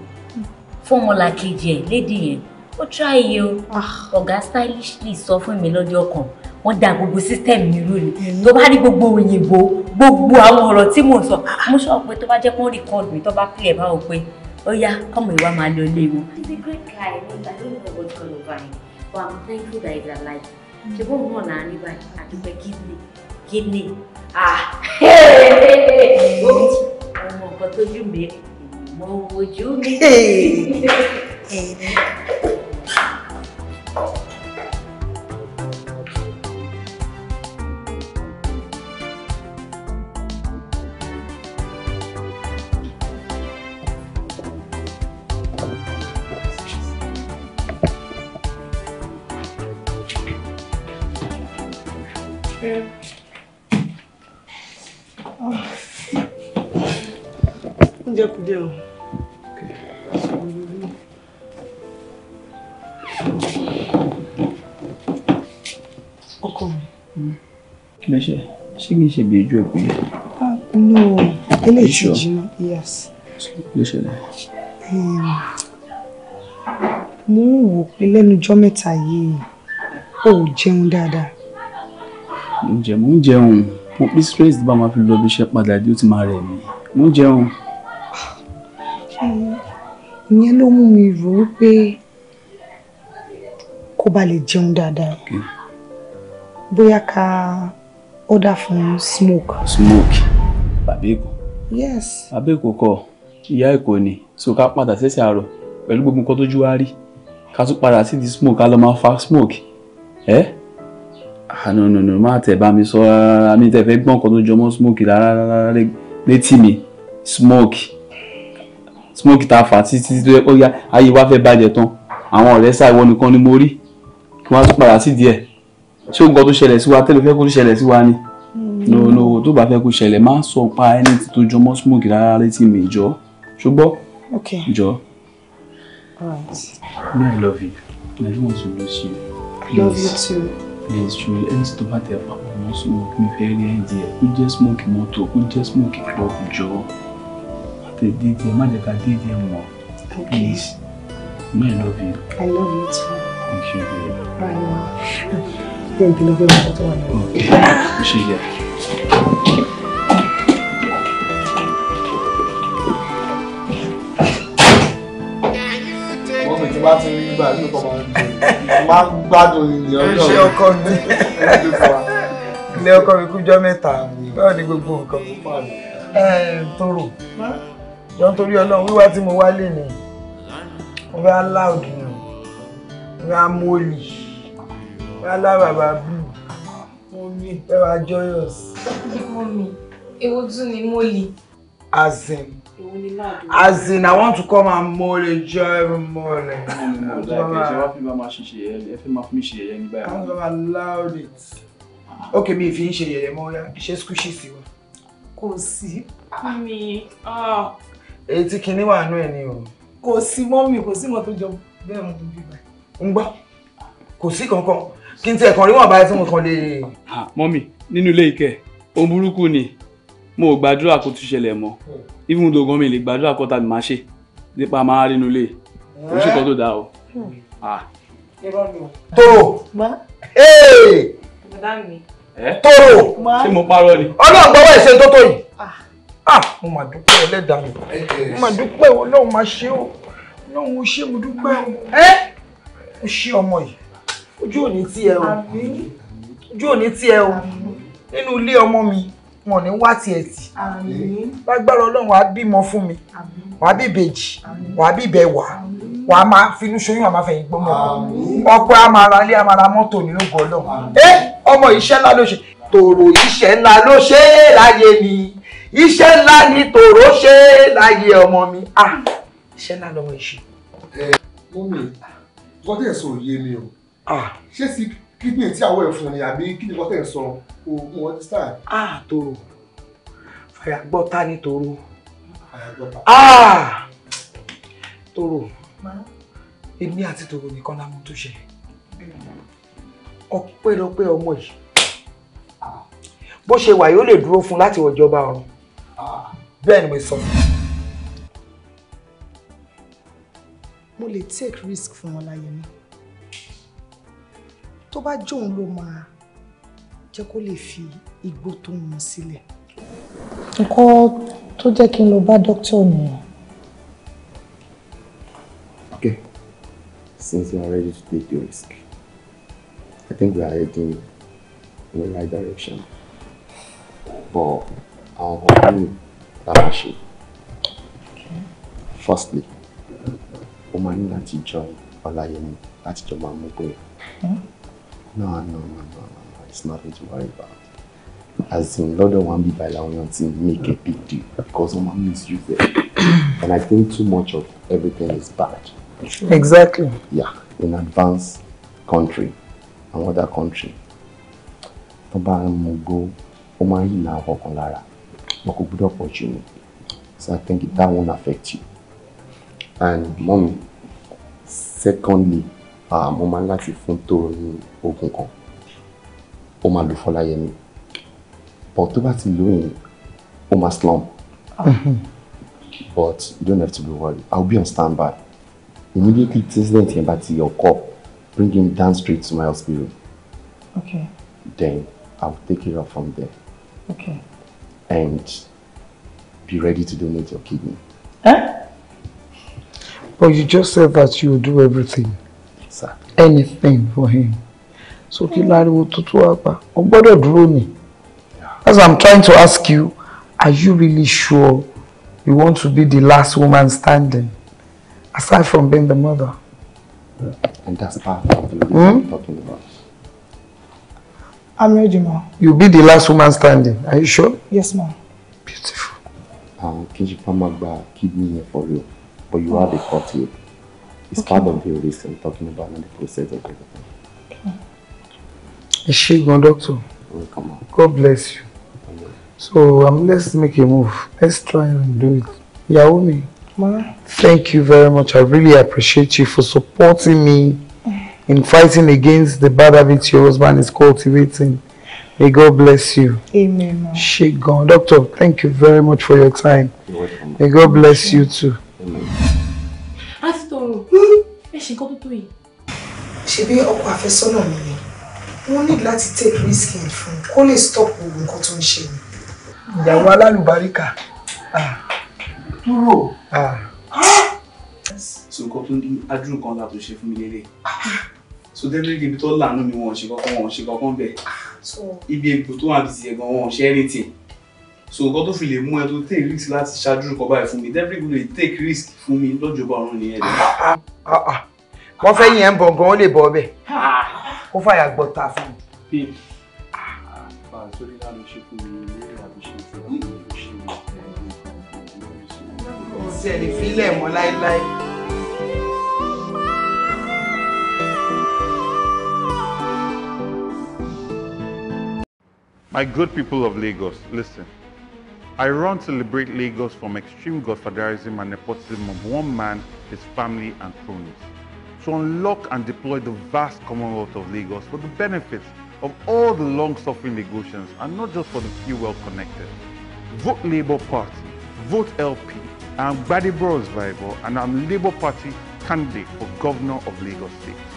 fọ́mọlà kejì ẹ̀ lédi yẹn ó try iye o ah. ọ̀gá stylishly sọ fún mi lọ́jọ́ kan wọ́n da gbogbo system mi rú ni tó bá rí gbogbo òyìnbó gbogbo àwọn ọ̀rọ̀ tí mò ń sọ mo sọ pé tó bá jẹ́ kó record mi tó bá play bá wò pé ó yá kọ́mọ ìwà máa lọ lé wọn. he's a great guy i mean i don't know what kind of guy but i'm thankful that he's alive ṣe bó mọ̀ náà ní báyìí àdúgbò kidney kidney ah ọmọ nǹkan tójú mi mo wojú mi. <laughs> Oúnjẹ kù díẹ̀ o. Ọkọ mi. Kí lẹ ṣe? Ṣé kìí ṣe bí ojú ẹ̀kú yẹn? No, eléyìí ti jìnnà, yes. Kí ló ṣẹlẹ̀? Mo ń wò pé lẹ́nu ọjọ́ mẹ́ta yìí, ó jẹun dáadáa mo ń jẹun mo ń jẹun mo pín stress bá máa fi lọ bí iṣẹ́ padà dé ó ti máa rẹ̀ mí mo ń jẹun. ìyẹn ló mú mi rò ó pé kó ba lè jẹun dáadáa bóyá ká order fún smoke. smoke bàbá èkó. yes. bàbá èkó kọ ìyá èkó ni so ká padà sẹ́sẹ̀ àárọ̀ pẹ̀lú gbogbo nǹkan tójú wa rí ká tún padà sí di smoke ká lọ máa fa smoke. Eh? ànànànà ah, má tẹ̀ bá mi sọ rárá mi tẹ̀ fẹ́ gbọ́n kan tó jọmọ́ smoke rárá létí mi smoke smoke ta fà títí tó yẹ kó yá ayé wa fẹ́ bàjẹ́ tán àwọn ọ̀rẹ́ sá ìwọ nìkan ni mo rí kí wọ́n á tún padà sí díẹ̀ ṣé nǹkan tó ṣẹlẹ̀ sí wa tẹ́lẹ̀ fẹ́ kó tó ṣẹlẹ̀ sí wa ni lọ́wọ́ tó bá fẹ́ kó ṣẹlẹ̀ má sọ pa ẹni tó jọmọ́ smoke rárá létí mi jọ ṣùgbọ́n jọ. All right. I love you. I don't want to lose you. Please. I love you too please ṣùgbọ́n ẹni tó bá tẹ̀ papọ̀ mọ́ smoke mi fẹ́ rí ẹ̀jẹ̀ ẹ̀ kó jẹ́ smoke mọ́tò kó jẹ́ smoke club jọ àti dídí ẹ má jẹ́ ká dídí ẹ mọ̀ please no I love you. I love you too. thank you babe. bye now. then kí ló fẹ́ mọ̀ tó wà lọ́wọ́. ok ṣe yẹ. bá ti rí gbà ní ọkọ̀ máa ń dùn máa ń gbádùn ìyàn náà. ṣé ọkọ mi ilé ọkọ mi kújọ mẹ́ta báwo ni gbogbo nǹkan mi jọ nítorí ọlọ́run wíwá tí mo wá lè ní mo fẹ́ aláwọ̀ dùn mo fẹ́ amóòlì mo fẹ́ aláwọ̀ bàbá blue mo fẹ́ wá joyous. èwo tún ni mo lè. azẹ́mu. As in, I want to come and more enjoy every morning. <laughs> I'm gonna allow it. Okay, me finish ń ṣe yẹ̀yẹ́ ya, ṣé squishy sí Kosi, Kò Ah. Mi. Ah. Èyí tí kinní wà nú ẹ̀ ni o. Kò sí mọ́mì, kò sí nǹkan tó jọ bẹ́ẹ̀ mo tó bí bá. Ń gbọ́, kò sí kankan. Kí n tiẹ̀ kàn rí wọn mo kàn akutu ah, Mọ́mì, nínú mo even though gan mi lè gbàdúrà kọ́ tàbí máa ṣe nípa máa rí inú ilé kò ṣe kọ́ tó da o. Hmm. ah, toro eh? toro ṣé mo parọ́ ni. ọlọ́run gbọ́wọ́ ẹ̀ṣẹ̀ tó tó ah. ah mo mà dúpẹ́ ẹlẹ́dàá mi mo mà dúpẹ́ ọlọ́run máa ṣe ó o ṣe mo dúpẹ́ o mo eh? ṣe ọmọ yìí ojú ò ní tì ẹ́ o ojú ò ní tì ẹ́ o nínú ilé ọmọ mi wọn ò ní wá tiẹ̀ tì lágbára ọlọ́run wàá bímọ fún mi wàá bí ìbejì wàá bí ìbẹ̀wàá wàá máa finú ṣoyún àmà fẹ̀yìn gbọ́mọ ọpẹ́ amara ilé amara mọ́tò nínú gọ́ọ̀lọ́ ẹ eh, ọmọ iṣẹ́ ńlá ló ṣe tòrò iṣẹ́ ńlá ló ṣe é láyé mi iṣẹ́ ńlá ni tòrò ṣe é láyé ọmọ mi ah iṣẹ́ ńlá lọmọ ìṣe. Eh, ẹ mọ́mí wọ́n tẹ̀ sọ òye mi o ah. ṣé sí kidney tí àwọ̀ ẹ̀ fún ni àbí kí ni kọ́tẹ̀ ń sọ oògùn ọtí sáà. a toro fàyàgbọ́ta ni toro fàyàgbọ́ta. a ah! toro èmi àti toro nìkan la mú tó ṣe ọpẹ́lọpẹ́ ọmọ yìí bó ṣe wà yóò lè dúró fún láti wọjọba ọ̀run ah. bẹ́ẹ̀ ni mo sọ. mo lè take risk fún wọn láyé mi tó bá jóun ló máa jẹ́ kó lè fi igbó tó ń mu sílẹ̀. nǹkan tó jẹ́ kí n lọ bá dókítà nìyẹn. Okay, since you are ready to take the risk, I think we are heading in the right direction. But our continue that machine. Okay. Firstly, o máa ní láti join Ọláyẹmí láti jọ máa mú pé. Hmm? no no no no no it's nothing to worry about as in lọ́dọ̀ wọn bí bàlá wọn ti make a big deal because wọn misuse it and I think too much of everything is bad. exactly. yeah in advanced country and other country tó bá ń mú gbó ó máa ń yìnbọn so I think that won't affect you and mọ́mi secondly mo máa ń láti fún tóró ní oògùn kan ó máa lò fọláyẹmí but tó bá ti lóyìn ó máa slum but you don't have to be worried i will be on standby immediately tí incident yẹn bá ti occur bring him down straight to my hospital okay then i will take care of from there okay and be ready to donate your kidney. Eh? But you just said that you will do everything sir. anything for him so kí láriwo tuntun wá pa o gbọ́dọ̀ dúró ni as i'm trying to ask you are you really sure you want to be the last woman standing aside from being the mother. and that's part of the reason hmm? i'm talking about. i'm ready ma. you be the last woman standing are you sure. yes ma. beautiful. àwọn kejì pa máa gba kidney yẹn for real but you are the cut here ispadom okay. theories I'm talking about and the process of everything. Okay. Ishigun, doctor. Oh, come On. God bless you. So um, let's make a move. Let's try and do it. Yaomi, Ma. thank you very much. I really appreciate you for supporting me in fighting against the bad habits your husband is cultivating. May God bless you. Amen. Ma. Shigun, doctor, thank you very much for your time. You're welcome. May God bless you too. Amen ẹ ṣe nǹkan tó tó yìí. ṣebí ọkọ àfẹ́sọ́nà mi ni wọ́n ní láti take risk in fún kó lè stop gbogbo nǹkan tó ń ṣe mi. ìyàwó alálùbáríkà dúró. so nǹkan tó ní adúrú kan la tó ṣe fún mi lélẹ̀ so definitely ibi tó lànà mi wọn ò ṣe kankan wọn ò ṣe kankan bẹ́ẹ̀ ibi ègbò tó wà bìtì yẹn gan wọn ò ṣe anything so nǹkan tó fi lè mú ẹ tó take risk láti ṣáájú nǹkan báyìí fún mi every good day take risk fún mi lọ́jọ́bọ̀ ọ̀run nìyẹn. Ah, ah, ah, wọ́n fẹ́ yẹn ń bọ̀ gan ó lè bọ̀ ọbẹ̀ ó fàyà gbọ́ta fún mi. ṣe lè filẹ̀ mọ́ My good people of Lagos, listen. I run to liberate Lagos from extreme godfatherism and nepotism of one man, his family, and cronies, to unlock and deploy the vast Commonwealth of Lagos for the benefit of all the long-suffering Lagosians and not just for the few well-connected. Vote Labour Party, vote LP. I'm Buddy Bros Bible and I'm Labour Party candidate for Governor of Lagos State.